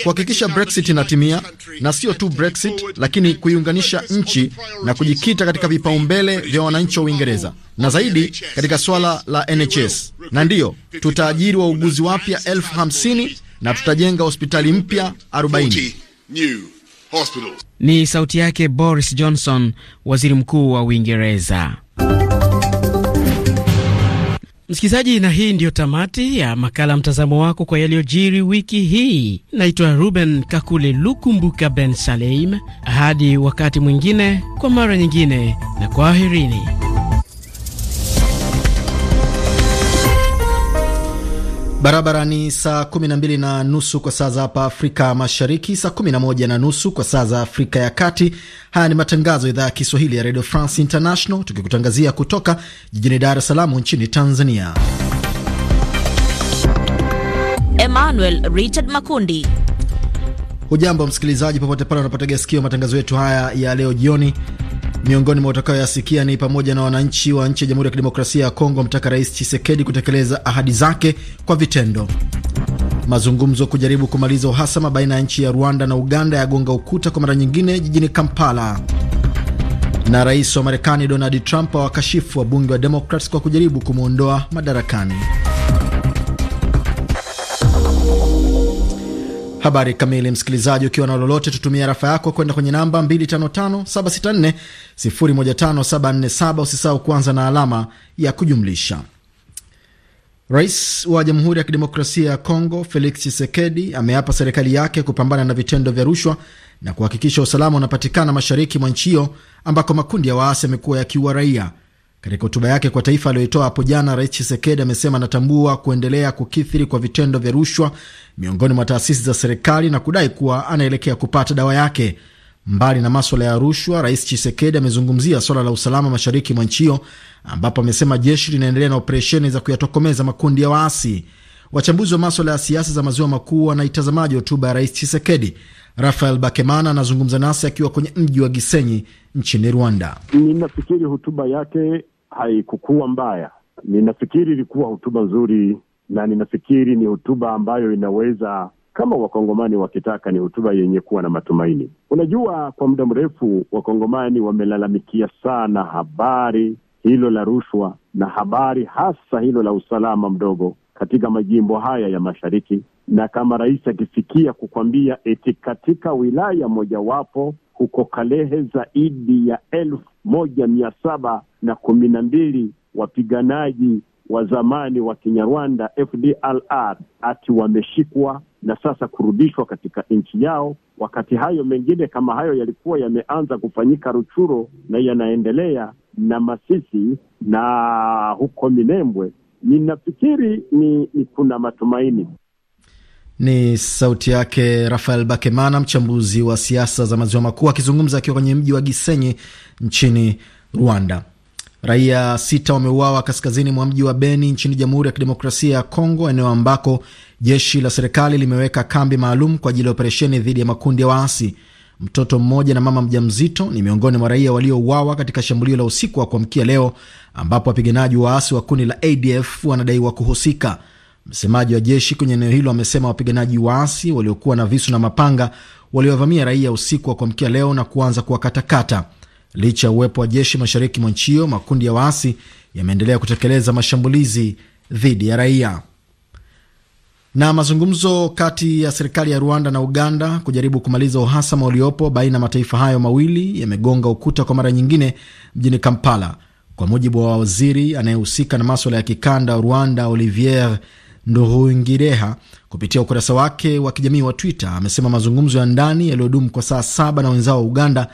kuhakikisha Brexit inatimia na sio tu Brexit, lakini kuiunganisha nchi na kujikita katika vipaumbele vya wananchi wa Uingereza na zaidi katika swala la NHS. Na ndiyo tutaajiri wauguzi wapya elfu hamsini na tutajenga hospitali mpya 40. Ni sauti yake Boris Johnson, waziri mkuu wa Uingereza. Msikilizaji, na hii ndiyo tamati ya makala mtazamo wako kwa yaliyojiri wiki hii. Naitwa Ruben Kakule Lukumbuka Ben Saleim. Hadi wakati mwingine, kwa mara nyingine, na kwaherini. Barabara ni saa 12 na nusu kwa saa za hapa Afrika Mashariki, saa 11 na nusu kwa saa za Afrika ya Kati. Haya ni matangazo ya idhaa ya Kiswahili ya Radio France International, tukikutangazia kutoka jijini Dar es Salaam nchini Tanzania. Emmanuel Richard Makundi. Hujambo msikilizaji, popote pale unapotega sikio matangazo yetu haya ya leo jioni. Miongoni mwa utakayoyasikia ni pamoja na wananchi wa nchi ya Jamhuri ya Kidemokrasia ya Kongo mtaka Rais chisekedi kutekeleza ahadi zake kwa vitendo. Mazungumzo kujaribu kumaliza uhasama baina ya nchi ya Rwanda na Uganda yagonga ukuta kwa mara nyingine jijini Kampala. Na rais wa Marekani Donald Trump awakashifu wabunge wa Democrats kwa kujaribu kumwondoa madarakani. Habari kamili, msikilizaji, ukiwa na lolote, tutumia rafa yako kwenda kwenye namba 255764015747. Usisahau kuanza na alama ya kujumlisha. Rais wa Jamhuri ya Kidemokrasia ya Kongo Felix Tshisekedi ameapa serikali yake kupambana na vitendo vya rushwa na kuhakikisha usalama unapatikana mashariki mwa nchi hiyo ambako makundi ya waasi yamekuwa yakiua raia. Katika hotuba yake kwa taifa aliyoitoa hapo jana, Rais Chisekedi amesema anatambua kuendelea kukithiri kwa vitendo vya rushwa miongoni mwa taasisi za serikali na kudai kuwa anaelekea kupata dawa yake. Mbali na maswala ya rushwa, Rais Chisekedi amezungumzia swala la usalama mashariki mwa nchi hiyo, ambapo amesema jeshi linaendelea na operesheni za kuyatokomeza makundi ya waasi. Wachambuzi wa maswala ya siasa za maziwa makuu wanaitazamaji hotuba ya Rais Chisekedi. Rafael Bakemana anazungumza nasi akiwa kwenye mji wa Gisenyi nchini Rwanda. Ninafikiri hotuba yake haikukuwa mbaya. Ninafikiri ilikuwa hotuba nzuri, na ninafikiri ni hotuba ambayo inaweza kama wakongomani wakitaka, ni hotuba yenye kuwa na matumaini. Unajua, kwa muda mrefu wakongomani wamelalamikia sana habari hilo la rushwa na habari hasa hilo la usalama mdogo katika majimbo haya ya mashariki na kama rais akisikia kukwambia eti katika wilaya mojawapo huko Kalehe zaidi ya elfu moja mia saba na kumi na mbili wapiganaji wa zamani wa Kinyarwanda FDLR ati wameshikwa na sasa kurudishwa katika nchi yao, wakati hayo mengine kama hayo yalikuwa yameanza kufanyika Ruchuro na yanaendelea na Masisi na huko Minembwe, ninafikiri ni, ni kuna matumaini. Ni sauti yake Rafael Bakemana, mchambuzi wa siasa za maziwa makuu, akizungumza akiwa kwenye mji wa Gisenyi nchini Rwanda. Raia sita wameuawa kaskazini mwa mji wa Beni nchini Jamhuri ya Kidemokrasia ya Kongo, eneo ambako jeshi la serikali limeweka kambi maalum kwa ajili ya operesheni dhidi ya makundi ya waasi. Mtoto mmoja na mama mjamzito ni miongoni mwa raia waliouawa katika shambulio la usiku wa kuamkia leo, ambapo wapiganaji waasi wa kundi la ADF wanadaiwa kuhusika. Msemaji wa jeshi kwenye eneo hilo amesema wapiganaji waasi waliokuwa na visu na mapanga waliovamia raia usiku wa kuamkia leo na kuanza kuwakatakata. Licha ya uwepo wa jeshi mashariki mwa nchi hiyo, makundi ya waasi yameendelea kutekeleza mashambulizi dhidi ya raia. Na mazungumzo kati ya serikali ya Rwanda na Uganda kujaribu kumaliza uhasama uliopo baina ya mataifa hayo mawili yamegonga ukuta kwa mara nyingine mjini Kampala, kwa mujibu wa waziri anayehusika na maswala ya kikanda Rwanda Olivier Nduhungireha kupitia ukurasa wake wa kijamii wa Twitter amesema mazungumzo ya ndani yaliyodumu kwa saa saba na wenzao wa Uganda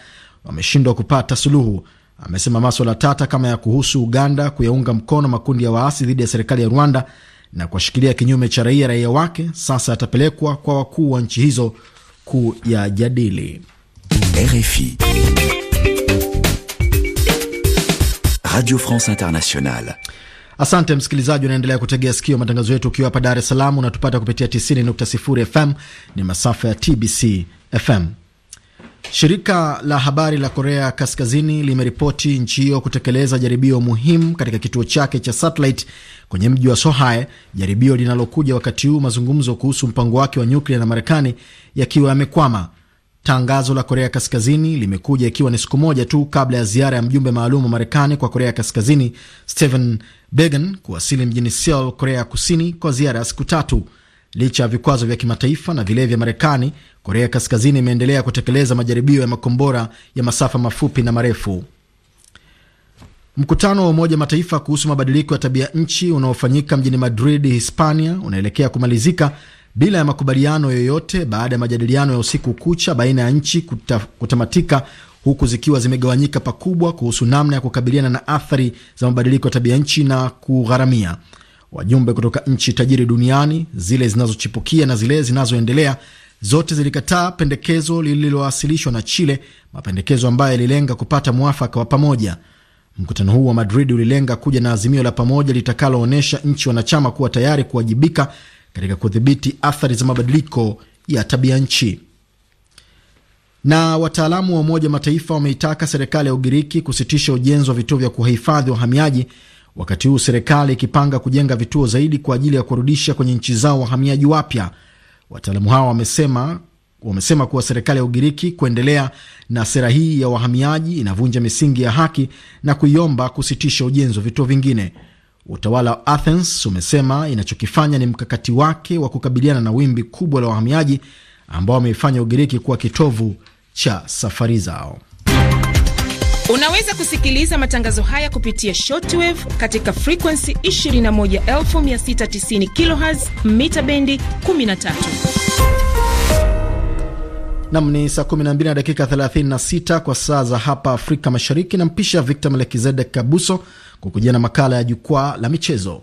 wameshindwa kupata suluhu. Amesema maswala tata kama ya kuhusu Uganda kuyaunga mkono makundi ya waasi dhidi ya serikali ya Rwanda na kuwashikilia kinyume cha raia raia wake sasa yatapelekwa kwa wakuu wa nchi hizo kuyajadili. RFI Radio France Internationale. Asante msikilizaji, unaendelea kutegea sikio matangazo yetu ukiwa hapa Dar es Salaam. Unatupata kupitia 90.0 FM ni masafa ya TBC FM. Shirika la habari la Korea Kaskazini limeripoti nchi hiyo kutekeleza jaribio muhimu katika kituo chake cha satellite kwenye mji wa Sohae, jaribio linalokuja wakati huu mazungumzo kuhusu mpango wake wa nyuklia na Marekani yakiwa yamekwama. Tangazo la Korea Kaskazini limekuja ikiwa ni siku moja tu kabla ya ziara ya mjumbe maalum wa Marekani kwa Korea Kaskazini Stephen Began kuwasili mjini Seoul, Korea ya Kusini kwa ziara ya siku tatu. Licha ya vikwazo vya kimataifa na vile vya Marekani, Korea Kaskazini imeendelea kutekeleza majaribio ya makombora ya masafa mafupi na marefu. Mkutano wa Umoja Mataifa kuhusu mabadiliko ya tabia nchi unaofanyika mjini Madrid, Hispania, unaelekea kumalizika bila ya makubaliano yoyote baada ya majadiliano ya usiku kucha baina ya nchi kuta, kutamatika huku zikiwa zimegawanyika pakubwa kuhusu namna ya kukabiliana na athari za mabadiliko ya tabia nchi na kugharamia. Wajumbe kutoka nchi tajiri duniani, zile zinazochipukia na zile zinazoendelea, zote zilikataa pendekezo lililowasilishwa na Chile, mapendekezo ambayo yalilenga kupata mwafaka wa pamoja. Mkutano huu wa Madrid ulilenga kuja na azimio la pamoja litakaloonyesha nchi wanachama kuwa tayari kuwajibika katika kudhibiti athari za mabadiliko ya tabia nchi. Na wataalamu wa Umoja Mataifa wameitaka serikali ya Ugiriki kusitisha ujenzi wa vituo vya kuhifadhi wahamiaji, wakati huu serikali ikipanga kujenga vituo zaidi kwa ajili ya kurudisha kwenye nchi zao wahamiaji wapya. Wataalamu hawa wamesema wamesema kuwa serikali ya Ugiriki kuendelea na sera hii ya wahamiaji inavunja misingi ya haki na kuiomba kusitisha ujenzi wa vituo vingine. Utawala wa Athens umesema inachokifanya ni mkakati wake wa kukabiliana na wimbi kubwa la wahamiaji ambao wameifanya Ugiriki kuwa kitovu cha safari zao. Unaweza kusikiliza matangazo haya kupitia shortwave katika frekuensi 21690 kHz mita bendi 13. Nam ni saa 12 na dakika 36 kwa saa za hapa Afrika Mashariki. Nampisha Victor Melekizedek Kabuso kujia na makala ya jukwaa la michezo.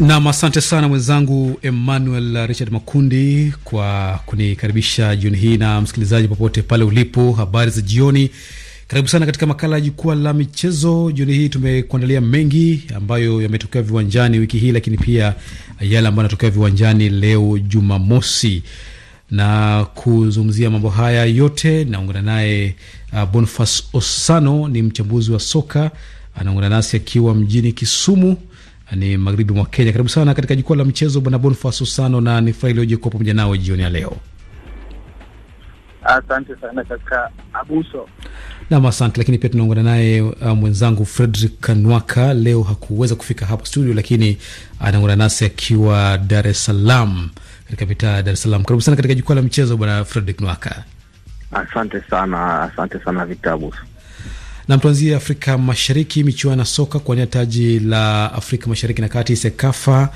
Nam, asante sana mwenzangu Emmanuel Richard Makundi kwa kunikaribisha jioni hii. Na msikilizaji, popote pale ulipo, habari za jioni, karibu sana katika makala ya jukwaa la michezo. Jioni hii tumekuandalia mengi ambayo yametokea viwanjani wiki hii, lakini pia yale ambayo yanatokea viwanjani leo Jumamosi. Na kuzungumzia mambo haya yote, naungana naye uh, Osano, ni mchambuzi wa soka, anaungana nasi akiwa mjini Kisumu ni magharibi mwa Kenya. Karibu sana katika jukwaa la michezo, bwana Bonifas Usano, na ni furaha iliyoje kuwa pamoja nao jioni ya leo. Asante sana kaka Abuso. Nam, asante. Lakini pia tunaungana naye uh, mwenzangu Fredrick Kanwaka leo hakuweza kufika hapa studio, lakini anaungana nasi akiwa Dar es Salaam, katika mitaa ya Dar es Salaam. Karibu sana katika jukwaa la michezo, bwana Fredrick Nwaka. Asante sana, asante sana Victor Abuso. Nam, tuanzie Afrika Mashariki. Michuano ya soka kuwania taji la Afrika Mashariki na Kati, SEKAFA,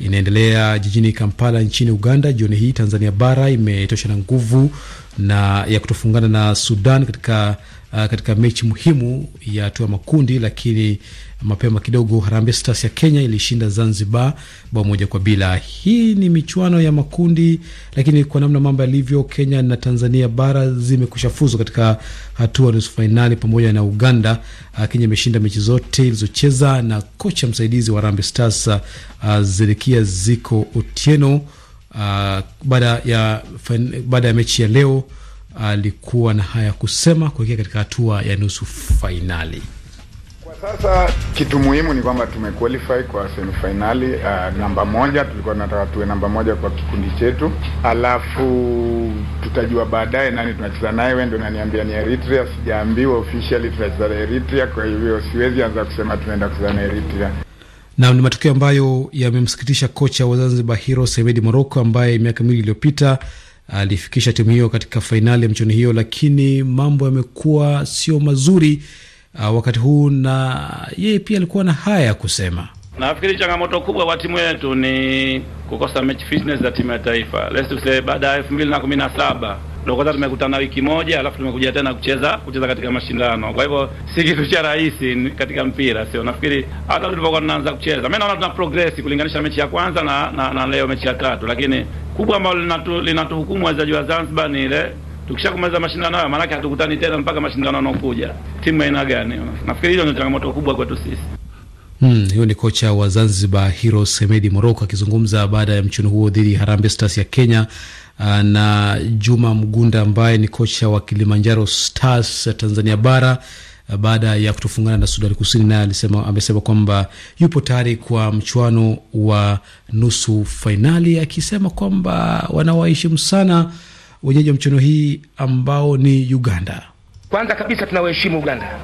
inaendelea jijini Kampala nchini Uganda jioni hii. Tanzania bara imetoshana nguvu na ya kutofungana na Sudan katika Ah, katika mechi muhimu ya hatua makundi, lakini mapema kidogo Harambee Stars ya Kenya ilishinda Zanzibar bao moja kwa bila. Hii ni michuano ya makundi, lakini kwa namna mambo yalivyo, Kenya na Tanzania bara zimekusha fuzu katika hatua nusu fainali pamoja na Uganda. Ah, Kenya imeshinda mechi zote ilizocheza, na kocha msaidizi wa Harambee Stars ah, Zedekia Ziko Otieno baada ya, ya mechi ya leo alikuwa na haya kusema kuelekea katika hatua ya nusu fainali. Sasa kitu muhimu ni kwamba tumequalify kwa semifinali. Uh, namba moja tulikuwa tunataka tuwe namba moja kwa kikundi chetu, alafu tutajua baadaye nani tunacheza naye. Wewe ndio unaniambia ni Eritrea, sijaambiwa officially tunacheza na Eritrea, kwa hivyo siwezi anza kusema tunaenda kucheza na Eritrea. Nam ni matukio ambayo yamemsikitisha kocha wa Zanzibar Hero Semedi Moroko ambaye miaka miwili iliyopita alifikisha timu hiyo katika fainali ya michuano hiyo, lakini mambo yamekuwa sio mazuri uh, wakati huu, na yeye pia alikuwa na haya ya kusema. Nafikiri changamoto kubwa kwa timu yetu ni kukosa match fitness za timu ya taifa. Let's say baada ya elfu mbili na kumi na saba ndio kwanza tumekutana wiki moja, alafu tumekuja tena kucheza kucheza katika mashindano. Kwa hivyo si kitu cha rahisi katika mpira, sio? Nafikiri hata tulipokuwa tunaanza kucheza, mimi naona tuna progress kulinganisha mechi ya kwanza na, na, na leo mechi ya tatu, lakini kubwa ambalo linatuhukumu wachezaji wa Zanzibar ni ile tukishakumaliza mashindano hayo, maanake hatukutani tena mpaka mashindano yanaokuja, timu aina gani. Nafikiri hiyo ndio changamoto kubwa kwetu sisi. Mm, hiyo ni kocha wa Zanzibar Hero Semedi Moroko akizungumza baada ya mchuano huo dhidi ya Harambee Stars ya Kenya. Ah, na Juma Mgunda ambaye ni kocha wa Kilimanjaro Stars Tanzania bara Eh, baada ya kutofungana na Sudani Kusini, naye amesema kwamba yupo tayari kwa mchuano wa nusu fainali, akisema kwamba wanawaheshimu sana wenyeji wa mchuano hii ambao ni Uganda. Kwanza kabisa tunawaheshimu Uganda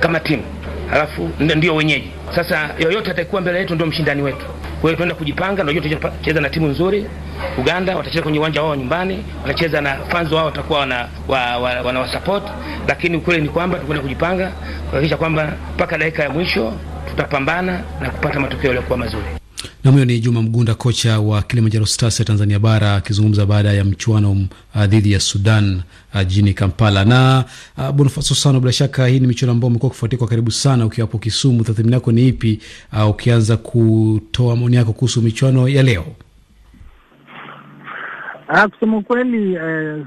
kama timu, halafu ndio wenyeji. Sasa yoyote atakuwa mbele yetu ndio mshindani wetu. Kwa hiyo tunaenda kujipanga, najua tutacheza na timu nzuri. Uganda watacheza kwenye uwanja wao nyumbani, watacheza na fans wao watakuwa wana wa, wa, support, lakini ukweli ni kwamba tunakwenda kujipanga kuhakikisha kwamba mpaka dakika ya mwisho tutapambana na kupata matokeo yaliyokuwa mazuri. Na huyo ni Juma Mgunda, kocha wa Kilimanjaro Stars ya Tanzania Bara, akizungumza baada ya mchuano uh, dhidi ya Sudan uh, jijini Kampala. Na uh, Bonifaso Sano, bila shaka hii ni michuano ambayo umekuwa ukifuatia kwa karibu sana ukiwa hapo Kisumu. Tathmini yako ni ipi, uh, ukianza kutoa maoni yako kuhusu michuano ya leo? Ah, kusema ukweli eh,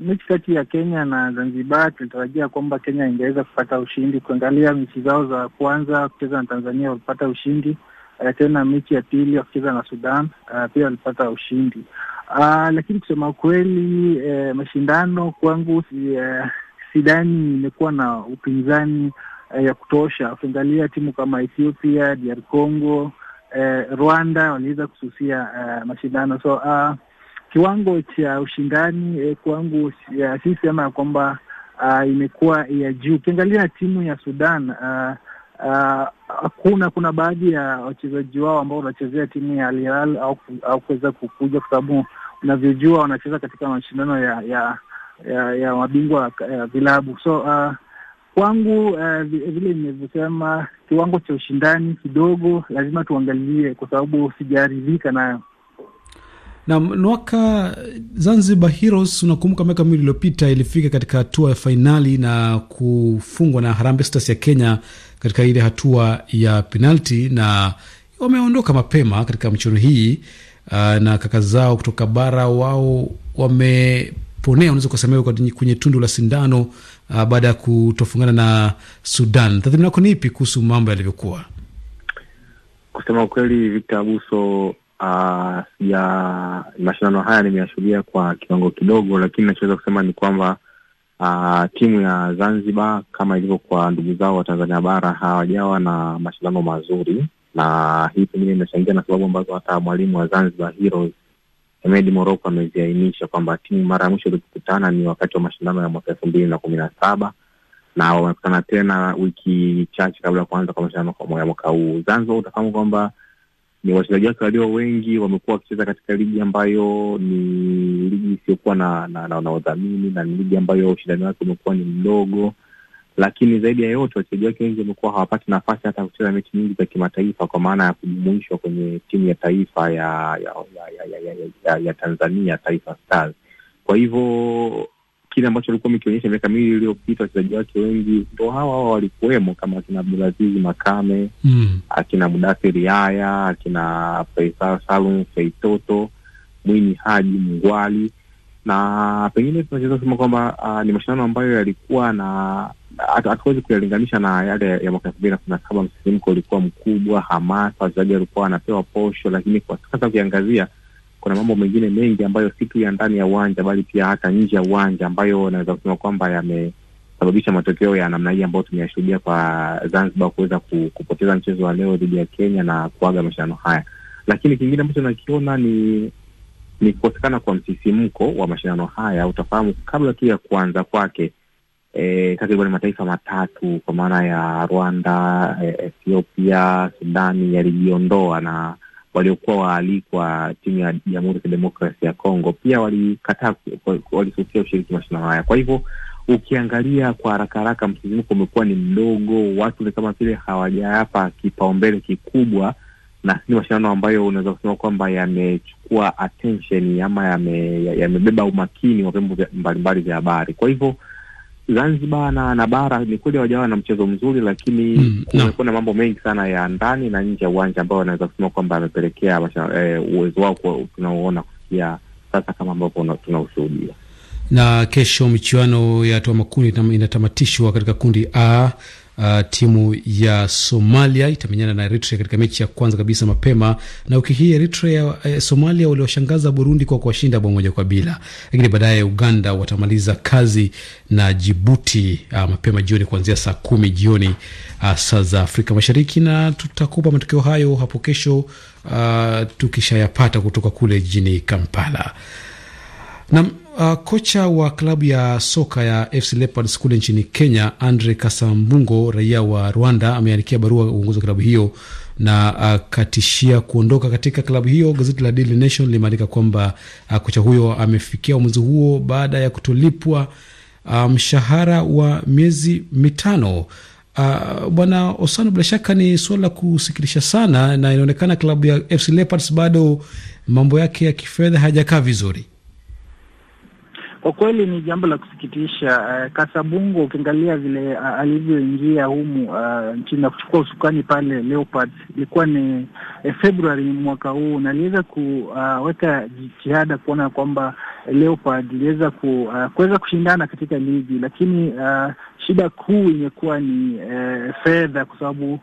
mechi kati ya Kenya na Zanzibar tulitarajia kwamba Kenya ingeweza kupata ushindi. Kuangalia mechi zao za kwanza kucheza na Tanzania walipata ushindi uh, tena mechi ya pili wakicheza na Sudan uh, pia walipata ushindi uh, lakini kusema kweli uh, eh, mashindano kwangu si, uh, sidani imekuwa na upinzani uh, ya kutosha. Ukiangalia timu kama Ethiopia, DR Congo, uh, Rwanda waliweza kususia uh, mashindano so uh, kiwango cha ushindani eh, kwangu si sema ya kwamba uh, imekuwa ya juu. Ukiangalia timu ya Sudan uh, Uh, hakuna uh, kuna baadhi ya wachezaji wao ambao wanachezea timu ya Al Hilal au hawakuweza kukuja kwa sababu unavyojua wanacheza katika mashindano ya ya ya, ya mabingwa ya vilabu. So uh, kwangu uh, vile nilivyosema, kiwango cha ushindani kidogo, lazima tuangalie, kwa sababu sijaridhika nayo. Na mwaka Zanzibar Heroes, unakumbuka miaka miwili iliyopita ilifika katika hatua ya fainali na kufungwa na Harambee Stars ya Kenya katika ile hatua ya penalti, na wameondoka mapema katika michuano hii uh, na kaka zao kutoka bara wao wameponea, unaweza kusemewa kwenye tundu la sindano uh, baada ya kutofungana na Sudan. Tathmini yako ni ipi kuhusu mambo yalivyokuwa? Kusema ukweli, Victor Abuso Uh, ah, sija mashindano haya nimeyashuhudia kwa kiwango kidogo, lakini nachoweza kusema ni kwamba uh, timu ya Zanzibar kama ilivyo kwa ndugu zao wa Tanzania bara hawajawa na mashindano mazuri, na hii pengine inachangia na sababu ambazo hata mwalimu wa Zanzibar Heroes Hemedi Moroko ameziainisha kwamba timu mara ya mwisho ilipokutana ni wakati wa mashindano ya mwaka elfu mbili na kumi na saba na wamekutana tena wiki chache kabla ya kuanza kwa mashindano ya mwaka huu. Zanzibar utafahamu kwamba ni wachezaji wake walio wengi wamekuwa wakicheza katika ligi ambayo ni ligi isiyokuwa na na udhamini na ni ligi ambayo ushindani wake umekuwa ni mdogo, lakini zaidi ya yote wachezaji wake wengi wamekuwa hawapati nafasi hata kucheza mechi nyingi za kimataifa, kwa maana ya kujumuishwa kwenye timu ya taifa ya ya ya, ya, ya, ya, ya Tanzania Taifa Stars. Kwa hivyo kile ambacho alikuwa amekionyesha miaka miwili iliyopita, wachezaji wake wengi ndo hawa hawa walikuwemo, kama akina Abdulaziz Makame mm. akina Mudathiri Yahya, akina Faisal Salum, Feitoto, Mwinyi Haji Mngwali, na pengine tunachoweza kusema kwamba uh, ni mashindano ambayo yalikuwa na hatuwezi kuyalinganisha na yale ya mwaka elfu mbili na kumi na saba. Msisimko ulikuwa mkubwa, hamasa, wachezaji walikuwa wanapewa posho, lakini kwa sasa ukiangazia kuna mambo mengine mengi ambayo si tu ya ndani ya uwanja, bali pia hata nje ya uwanja ambayo naweza kusema kwamba yamesababisha matokeo ya namna hii ambayo tumeyashuhudia kwa Zanzibar kuweza kupoteza mchezo wa leo dhidi ya Kenya na kuaga mashindano haya. Lakini kingine ambacho nakiona ni ni kukosekana kwa msisimko wa mashindano haya. Utafahamu kabla tu ya kuanza kwake E, mataifa matatu kwa maana ya Rwanda, e, Ethiopia, Sudani yalijiondoa na waliokuwa waalikwa timu ya Jamhuri ya Kidemokrasi ya Kongo pia walikataa, walisusia ushiriki mashindano haya. Kwa hivyo ukiangalia kwa haraka haraka, msisimko umekuwa ni mdogo, watu ni kama vile hawajayapa kipaumbele kikubwa, na ni mashindano ambayo unaweza kusema kwamba yamechukua attention ama yamebeba ya umakini wa vyombo mbalimbali vya habari, kwa hivyo Zanzibar na, na bara ni kweli wajawa na mchezo mzuri, lakini mm, kumekuwa na mambo mengi sana ya ndani na nje ya uwanja ambayo wanaweza kusema kwamba amepelekea eh, uwezo wao tunaoona kufikia sasa kama ambavyo tunaoshuhudia Na kesho michuano ya hatua makundi inatamatishwa katika kundi A Uh, timu ya Somalia itamenyana na Eritrea katika mechi ya kwanza kabisa mapema na wiki hii Eritrea, eh, Somalia waliwashangaza Burundi kwa kuwashinda bao moja kwa bila, lakini baadaye Uganda watamaliza kazi na Jibuti uh, mapema jioni kuanzia saa kumi jioni uh, saa za Afrika Mashariki, na tutakupa matokeo hayo hapo kesho uh, tukishayapata kutoka kule jijini Kampala na Uh, kocha wa klabu ya soka ya FC Leopards kule nchini Kenya, Andre Kasambungo, raia wa Rwanda, ameandikia barua uongozi wa klabu hiyo na akatishia uh, kuondoka katika klabu hiyo. Gazeti la Daily Nation limeandika kwamba uh, kocha huyo amefikia uamuzi huo baada ya kutolipwa uh, mshahara um, wa miezi mitano. Uh, Bwana Osano, bila shaka ni suala la kusikitisha sana, na inaonekana klabu ya FC Leopards bado mambo yake ya kifedha hajakaa vizuri. Kwa kweli ni jambo la kusikitisha. Uh, eh, Kasabungo ukiangalia vile uh, alivyoingia humu uh, nchini na kuchukua usukani pale Leopards ilikuwa ni uh, Februari mwaka huu, na aliweza kuweka uh, jitihada kuona kwamba Leopard iliweza ku, uh, kuweza kushindana katika ligi, lakini uh, shida kuu imekuwa ni uh, fedha, kwa sababu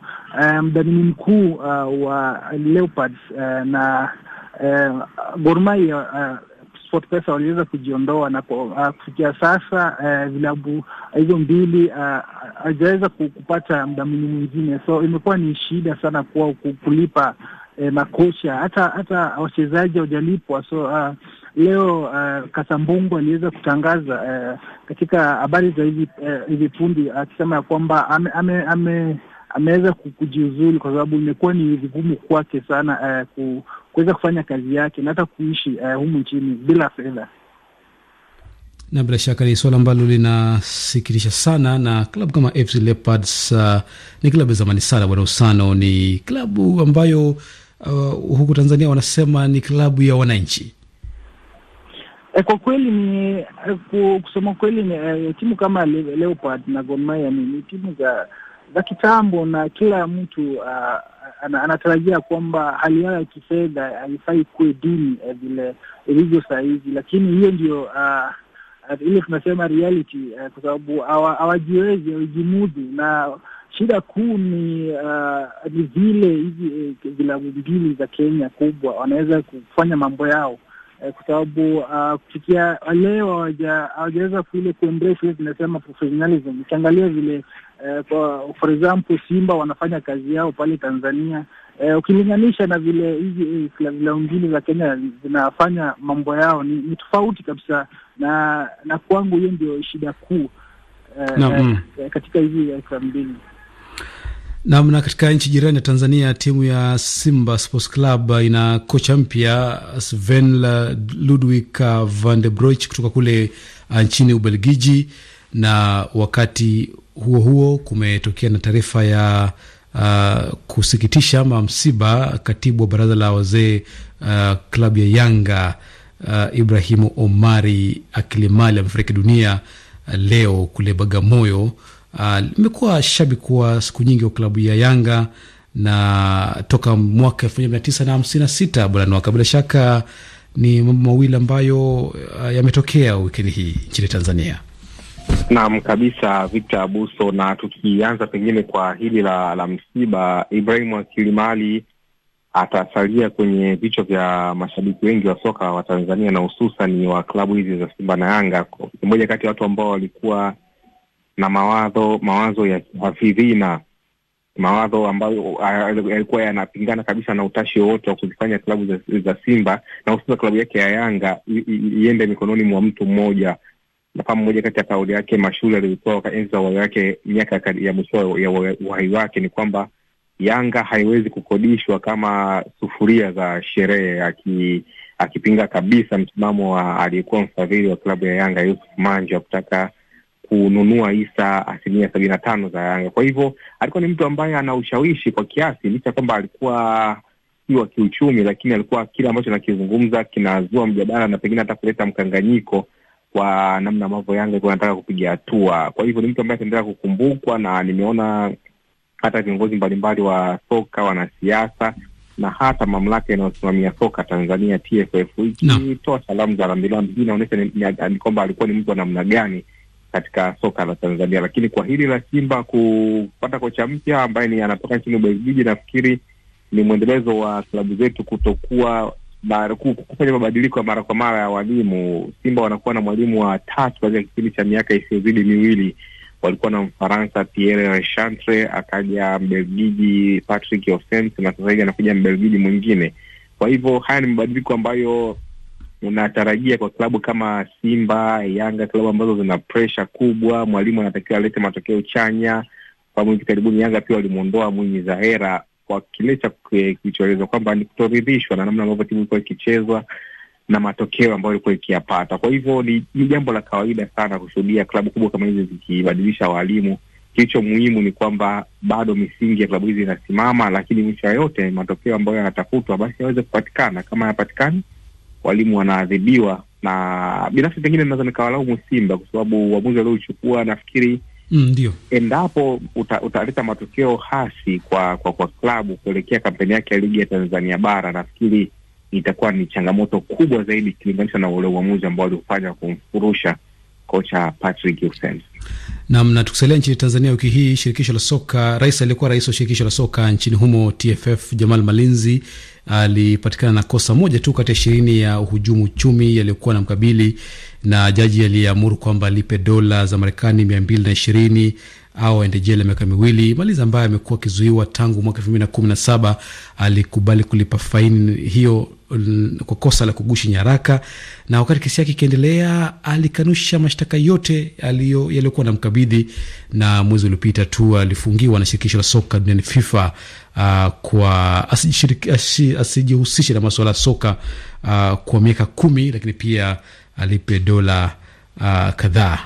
mdhamini um, mkuu uh, wa Leopards uh, na uh, Gor Mahia uh, Pesa waliweza kujiondoa na ah, kufikia sasa eh, vilabu hizo mbili ah, hajaweza uh, kupata mdhamini mwingine, so imekuwa ni shida sana kuwa kulipa eh, makocha hata hata wachezaji hawajalipwa. So uh, leo uh, Kasambungu aliweza kutangaza uh, katika habari za hivi eh, hivi uh, pundi akisema uh, ya kwamba ameweza ame, ame, kujiuzulu kwa sababu imekuwa ni vigumu kwake sana uh, kuweza kufanya kazi yake na hata kuishi uh, humu nchini bila fedha. Na bila shaka ni swala ambalo linasikitisha sana, na klabu kama FC Leopards uh, ni klabu ya zamani sana bwana Usano. Ni klabu ambayo uh, huku Tanzania wanasema ni klabu ya wananchi. E, kwa kweli ni eh, kusoma kusema kweli ni e, timu kama Leopard na Gor Mahia ni, ni timu za za kitambo na kila mtu uh, anatarajia kwamba hali yao ya kifedha haifai kuwe duni eh, vile ilivyo saa hizi, lakini hiyo ndio uh, ile tunasema reality uh, kwa sababu hawajiwezi hawajimudhi, na shida kuu ni uh, ni vile hizi eh, vilabu mbili za Kenya kubwa wanaweza kufanya mambo yao kwa sababu uh, kufikia leo hawajaweza kuile kuembrace ile tunasema professionalism. Ukiangalia vile eh, for, for example Simba wanafanya kazi yao pale Tanzania uh, ukilinganisha na vile hizi eh, vilabu mbili za Kenya zinafanya mambo yao ni, ni tofauti kabisa, na na kwangu hiyo ndio shida kuu uh, eh, no, mm. katika hizi klabu mbili nam na katika nchi jirani ya Tanzania, timu ya Simba Sports Club ina kocha mpya Sven Ludwig van de Broich kutoka kule uh, nchini Ubelgiji, na wakati huo huo kumetokea na taarifa ya uh, kusikitisha ama msiba. Katibu wa baraza la wazee uh, klabu ya Yanga uh, Ibrahimu Omari Akilimali amefariki dunia uh, leo kule Bagamoyo. Uh, imekuwa uh, shabiki wa siku nyingi wa klabu ya Yanga na toka mwaka elfu moja mia tisa na hamsini na sita bwana Waka. Bila shaka ni mambo mawili ambayo uh, yametokea wikendi hii nchini Tanzania. Naam kabisa, Victor Abuso. Na tukianza pengine kwa hili la, la msiba, Ibrahimu Akilimali atasalia kwenye vichwa vya mashabiki wengi wa soka wa Tanzania na hususan wa klabu hizi za Simba na Yanga. Ni moja kati ya watu ambao walikuwa na mawazo mawazo ya kihafidhina, mawazo ambayo yalikuwa yanapingana kabisa na utashi wowote wa kuzifanya klabu za, za Simba na hususan klabu yake ya Yanga iende mikononi mwa mtu mmoja na kama moja kati ya kauli yake mashuhuri aliyotoa enzi za uhai wake miaka ya mwisho ya uhai wake ni kwamba Yanga haiwezi kukodishwa kama sufuria za sherehe, aki, akipinga kabisa msimamo wa aliyekuwa mfadhili wa klabu ya Yanga Yusuf Manji wa kutaka kununua isa asilimia sabini na tano za Yanga. Kwa hivyo alikuwa ni mtu ambaye ana ushawishi kwa kiasi, licha kwamba alikuwa si wa kiuchumi, lakini alikuwa kile ambacho anakizungumza kinazua mjadala na pengine hata kuleta mkanganyiko kwa namna ambavyo Yanga ilikuwa inataka kupiga hatua. Kwa hivyo ni mtu ambaye ataendelea kukumbukwa, na nimeona hata viongozi mbalimbali wa soka, wanasiasa na hata mamlaka inayosimamia soka Tanzania, TFF, ikitoa no. salamu za rambirambi. Hii inaonyesha ni, ni, ni kwamba alikuwa ni mtu wa namna gani katika soka la Tanzania. Lakini kwa hili la Simba kupata kocha mpya ambaye ni anatoka nchini Ubelgiji, nafikiri ni mwendelezo wa klabu zetu kutokuwa kufanya mabadiliko ya mara kwa mara ya walimu. Simba wanakuwa na mwalimu wa tatu katika kipindi cha miaka isiyozidi miwili. Walikuwa na Mfaransa Pierre Rechantre, akaja Mbelgiji Patrick Aussems, na sasa hivi anakuja Mbelgiji mwingine. Kwa hivyo haya ni mabadiliko ambayo unatarajia kwa klabu kama Simba, Yanga, klabu ambazo zina presha kubwa. Mwalimu anatakiwa alete matokeo chanya. Kwa hivi karibuni Yanga pia walimwondoa Mwinyi Zahera kwa kile cha kilichoelezwa kwamba alikutoridhishwa na namna ambavyo timu ilikuwa ikichezwa na matokeo ambayo ilikuwa ikiyapata. Kwa hivyo ni jambo la kawaida sana kushuhudia klabu kubwa kama hizi zikibadilisha walimu. Kilicho muhimu ni kwamba bado misingi ya klabu hizi inasimama, lakini mwisho yote matokeo ambayo yanatafutwa basi yaweze kupatikana. Kama yapatikani walimu wanaadhibiwa, na binafsi pengine naweza nikawalaumu Simba kwa sababu uamuzi waliochukua nafikiri Mm, ndio endapo utaleta uta, utaleta matokeo hasi kwa kwa, kwa klabu kuelekea kampeni yake ya ligi ya Tanzania bara, nafikiri itakuwa ni changamoto kubwa zaidi ikilinganishwa na ule uamuzi ambao aliufanya kumfurusha kocha Patrick Aussems. Naam, na tukisalia nchini Tanzania, wiki hii shirikisho la soka, rais aliyekuwa rais wa shirikisho la soka nchini humo TFF Jamal Malinzi alipatikana na kosa moja tu kati ya ishirini ya uhujumu uchumi yaliyokuwa na mkabili, na jaji aliyeamuru kwamba alipe dola za Marekani mia mbili na ishirini au aende jela miaka miwili. Maliza ambaye amekuwa akizuiwa tangu mwaka elfu mbili na kumi na saba alikubali kulipa faini hiyo mm, kwa kosa la kugushi nyaraka, na wakati kesi yake ikiendelea, alikanusha mashtaka yote yaliyokuwa na mkabidhi, na mwezi uliopita tu alifungiwa na shirikisho la soka duniani FIFA uh, kwa asijihusishe na masuala ya soka uh, kwa miaka kumi, lakini pia alipe dola uh, kadhaa.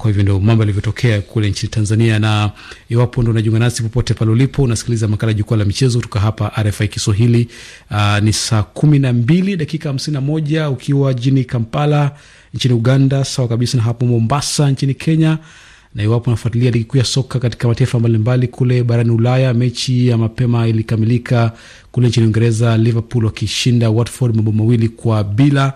Kwa hivyo ndio mambo yalivyotokea kule nchini Tanzania. Na iwapo ndo unajiunga nasi popote pale ulipo, unasikiliza makala Jukwaa la Michezo kutoka hapa RFI Kiswahili. Uh, ni saa kumi na mbili dakika hamsini na moja ukiwa jini Kampala nchini Uganda, sawa kabisa na hapo Mombasa nchini Kenya na iwapo unafuatilia ligi kuu ya soka katika mataifa mbalimbali kule barani Ulaya, mechi ya mapema ilikamilika kule nchini Uingereza, Liverpool wakishinda Watford mabao mawili kwa bila.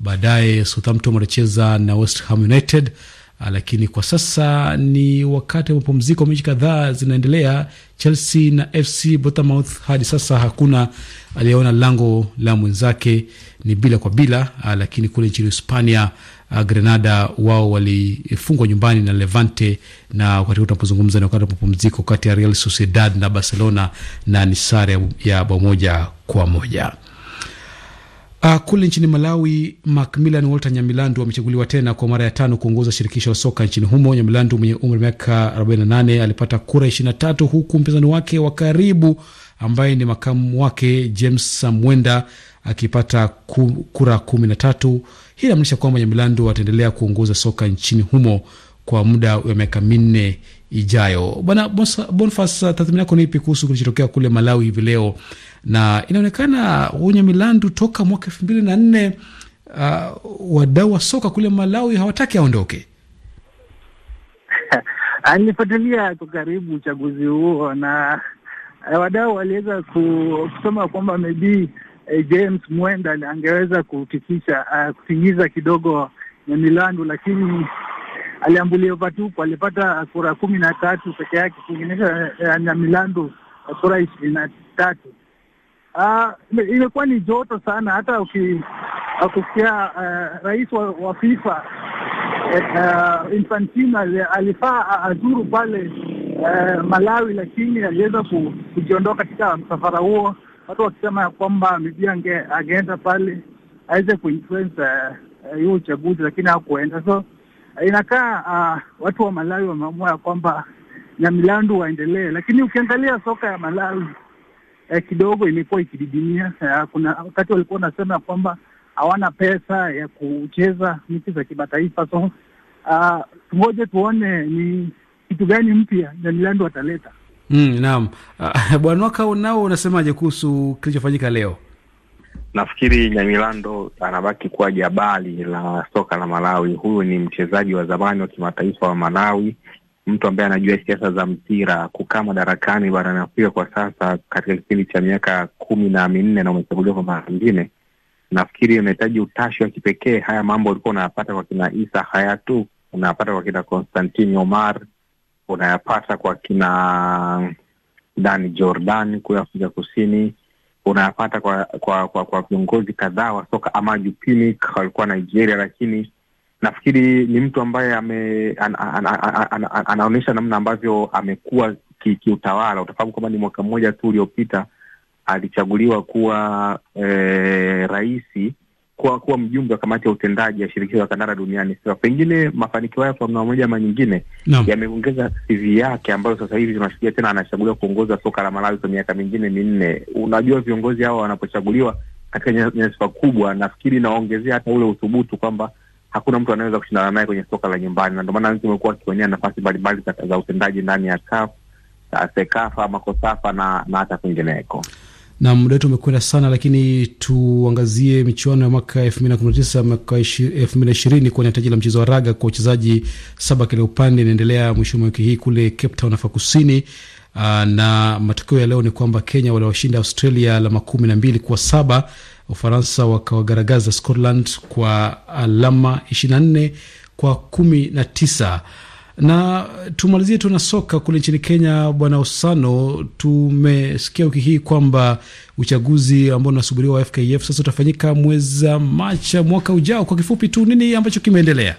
Baadaye Southampton watacheza na West Ham United, Ah, lakini kwa sasa ni wakati wa mapumziko. Mechi kadhaa zinaendelea, Chelsea na FC Bournemouth. Hadi sasa hakuna aliyeona lango la mwenzake, ni bila kwa bila. Ah, lakini kule nchini Hispania, ah, Grenada wao walifungwa nyumbani na Levante, na wakati huu tunapozungumza ni wakati wa mapumziko kati ya Real Sociedad na Barcelona, na ni sare ya bao moja kwa moja. Uh, kule nchini Malawi, Macmillan Walter Nyamilandu amechaguliwa tena kwa mara ya tano kuongoza shirikisho la soka nchini humo. Nyamilandu mwenye umri miaka 48 alipata kura 23 huku mpinzani wake wa karibu ambaye ni makamu wake James Samwenda akipata kura 13. Hii inamaanisha kwamba Nyamilandu ataendelea kuongoza soka nchini humo kwa muda wa miaka minne ijayo. Bwana Bonfas, tathmini yako ni ipi kuhusu kilichotokea kule Malawi hivi leo na inaonekana wenye milandu toka mwaka elfu mbili na nne uh, wadau wa soka kule Malawi hawataki aondoke. Alifuatilia kwa karibu uchaguzi huo na eh, wadau waliweza kusema kwamba maybe eh, James Mwenda angeweza kutikisha uh, kutingiza kidogo na milandu, lakini aliambulia patupu. Alipata kura kumi na tatu peke yake, kuinginisha eh, na milandu kura ishirini na tatu. Uh, imekuwa ni joto sana, hata akusikia uh, eh, rais wa, wa FIFA uh, Infantino alifaa azuru pale uh, Malawi, lakini aliweza kujiondoa katika msafara huo, watu wakisema ya kwamba mibia angeenda pale aweze kuinfluence hiyo uh, uchaguzi, lakini hakuenda. So inakaa uh, watu wa Malawi wameamua ya kwamba Nyamilandu waendelee, lakini ukiangalia soka ya Malawi eh, kidogo imekuwa ikididimia. Eh, kuna wakati walikuwa wanasema kwamba hawana pesa ya kucheza mechi za kimataifa, so uh, tungoje tuone ni kitu gani mpya Jamiland wataleta. Mm, naam. Ah, Waka nao unasemaje kuhusu kilichofanyika leo? Nafikiri Nyamilando anabaki kuwa jabali la soka la Malawi. Huyu ni mchezaji wa zamani wa kimataifa wa Malawi mtu ambaye anajua siasa za mpira kukaa madarakani barani Afrika kwa sasa katika kipindi cha miaka kumi na minne na umechaguliwa kwa mara nyingine, nafikiri unahitaji utashi wa kipekee. Haya mambo ulikuwa unayapata kwa kina Isa Hayatu, unayapata kwa kina Konstantin Omar, unayapata kwa kina Dani Jordan kule Afrika Kusini, unayapata kwa kwa kwa viongozi kadhaa wa soka ama walikuwa Nigeria, lakini nafikiri ni mtu ambaye ame an, an, an, an, anaonyesha namna ambavyo amekuwa kiutawala ki utafahamu kwamba ni mwaka mmoja tu uliopita alichaguliwa kuwa e, eh, raisi kuwa, kuwa mjumbe wa kamati ya utendaji ya shirikisho la kandara duniani. Sasa pengine mafanikio haya kwa namna moja ama nyingine no. yameongeza CV yake ambayo sasa hivi tunashuhudia tena anachaguliwa kuongoza soka la Malawi kwa miaka mingine minne. Unajua, viongozi hawa wanapochaguliwa katika nyasifa kubwa, nafikiri inawaongezea hata ule uthubutu kwamba hakuna mtu anaweza kushindana naye kwenye soka la nyumbani, na ndio maana Ansu amekuwa akiwania nafasi mbalimbali za utendaji ndani ya CAF, eh, Sekafa, Makosafa na na hata kwingineko. Na muda wetu umekwenda sana, lakini tuangazie michuano ya mwaka elfu mbili na kumi na tisa mwaka elfu mbili na ishirini kwenye taji la mchezo wa raga kwa wachezaji saba kila upande inaendelea mwishoni mwa wiki hii kule Cape Town, Afrika Kusini. Aa, ah, na matokeo ya leo ni kwamba Kenya waliwashinda Australia alama kumi na mbili kwa saba Ufaransa wakawagaragaza Scotland kwa alama 24 kwa 19. Na tumalizie tu na soka kule nchini Kenya, bwana Osano, tumesikia wiki hii kwamba uchaguzi ambao unasubiriwa wa FKF sasa utafanyika mwezi Machi mwaka ujao. Kwa kifupi tu, nini ambacho kimeendelea?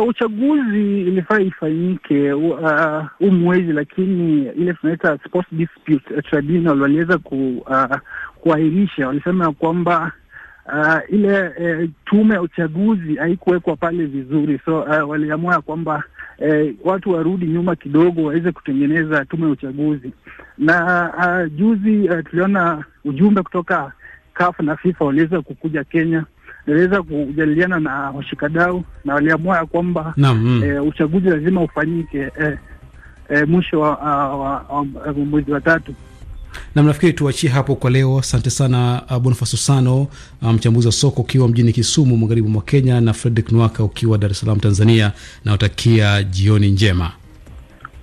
Uh, uchaguzi ilifaa ifanyike uh, mwezi, lakini ile tunaita sports dispute uh, tribunal waliweza ku uh, kuahirisha. Walisema ya kwamba uh, ile uh, tume ya uchaguzi haikuwekwa pale vizuri, so uh, waliamua ya kwamba uh, watu warudi nyuma kidogo waweze kutengeneza tume ya uchaguzi. Na uh, juzi uh, tuliona ujumbe kutoka CAF na FIFA waliweza kukuja Kenya waliweza kujadiliana na washikadau na waliamua ya kwamba mm. e, uchaguzi lazima ufanyike e, e, mwisho wa, wa, uh, wa, wa, wa mwezi wa tatu. Nam, nafikiri tuachie hapo kwa leo. Asante sana uh, Boniface Susano, uh, mchambuzi um, wa soko ukiwa mjini Kisumu, magharibi mwa Kenya, na Fredrick Nwaka ukiwa Dar es Salaam, Tanzania. Nawatakia jioni njema.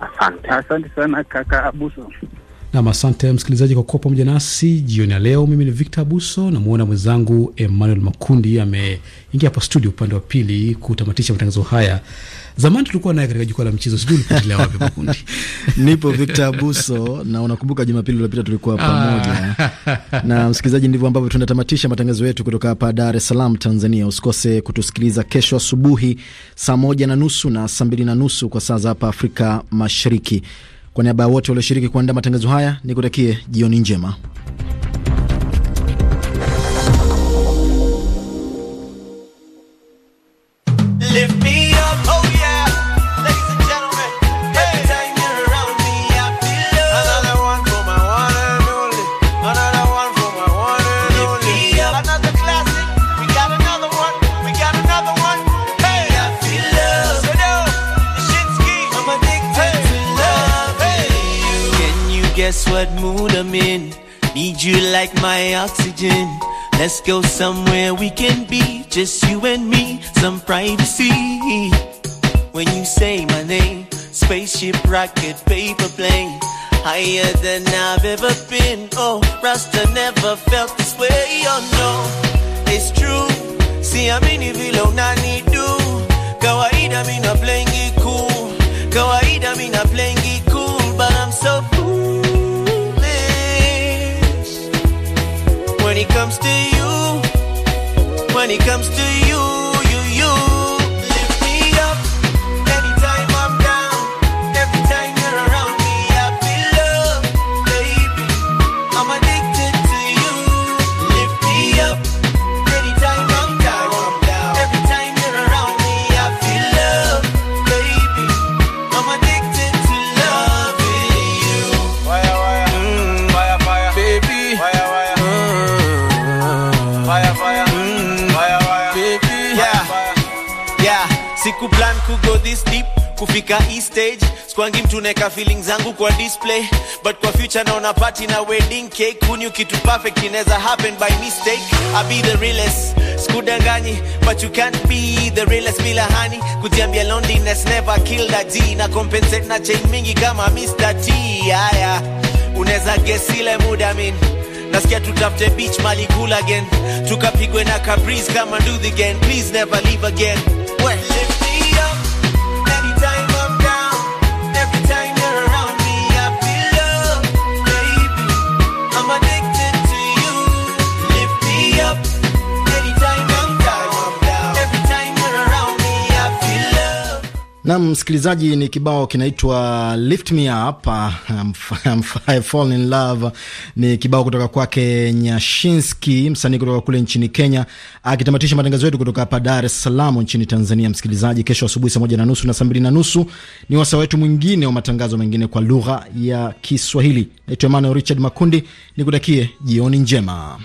Asante, asante sana kaka Abuso. Nam, asante msikilizaji kwa kuwa pamoja nasi jioni ya leo. Mimi ni Victor Abuso, namwona mwenzangu Emmanuel Makundi ameingia hapa studio upande wa pili kutamatisha matangazo haya. Zamani tulikuwa naye katika jukwaa la mchezo, sijui ulipotelea wapi Makundi? Nipo Victor Abuso, na unakumbuka Jumapili uliopita tulikuwa ah. pamoja na msikilizaji. Ndivyo ambavyo tunatamatisha matangazo yetu kutoka hapa Dar es Salaam, Tanzania. Usikose kutusikiliza kesho asubuhi saa moja na nusu na saa mbili na nusu kwa saa za hapa Afrika Mashariki. Kwa niaba ya wote walioshiriki kuandaa matangazo haya, nikutakie jioni njema. you like my oxygen? Let's go somewhere we can be, just you and me, some privacy. When you say my name, spaceship, rocket, paper plane, higher than I've ever been. Oh, Rasta never felt this way, oh no, it's true. See, I'm in vilo oh, nani do. Kawaida, mina playing it cool. Kawaida, mina playing when it comes to you, when it comes to you. feeling zangu kwa display but kwa future naona party na wedding cake kuni kitu perfect inaweza happen by mistake i be the realest sikudanganyi but you can't be the realest bila hani kujiambia loneliness never killed a g na compensate na chain mingi kama Mr. T haya unaweza guess ile muda min nasikia tutafute beach mali cool again tukapigwe na caprice kama do the game please never leave again nam msikilizaji, ni kibao kinaitwa Lift Me Up, uh, Fall In Love. Ni kibao kutoka kwake Nyashinski, msanii kutoka kule nchini Kenya, akitamatisha matangazo yetu kutoka hapa Dar es Salaam nchini Tanzania. Msikilizaji, kesho asubuhi saa moja na nusu na saa mbili na nusu ni wasaa wetu mwingine wa matangazo mengine kwa lugha ya Kiswahili. Naitwa Emmanuel Richard Makundi, nikutakie jioni njema.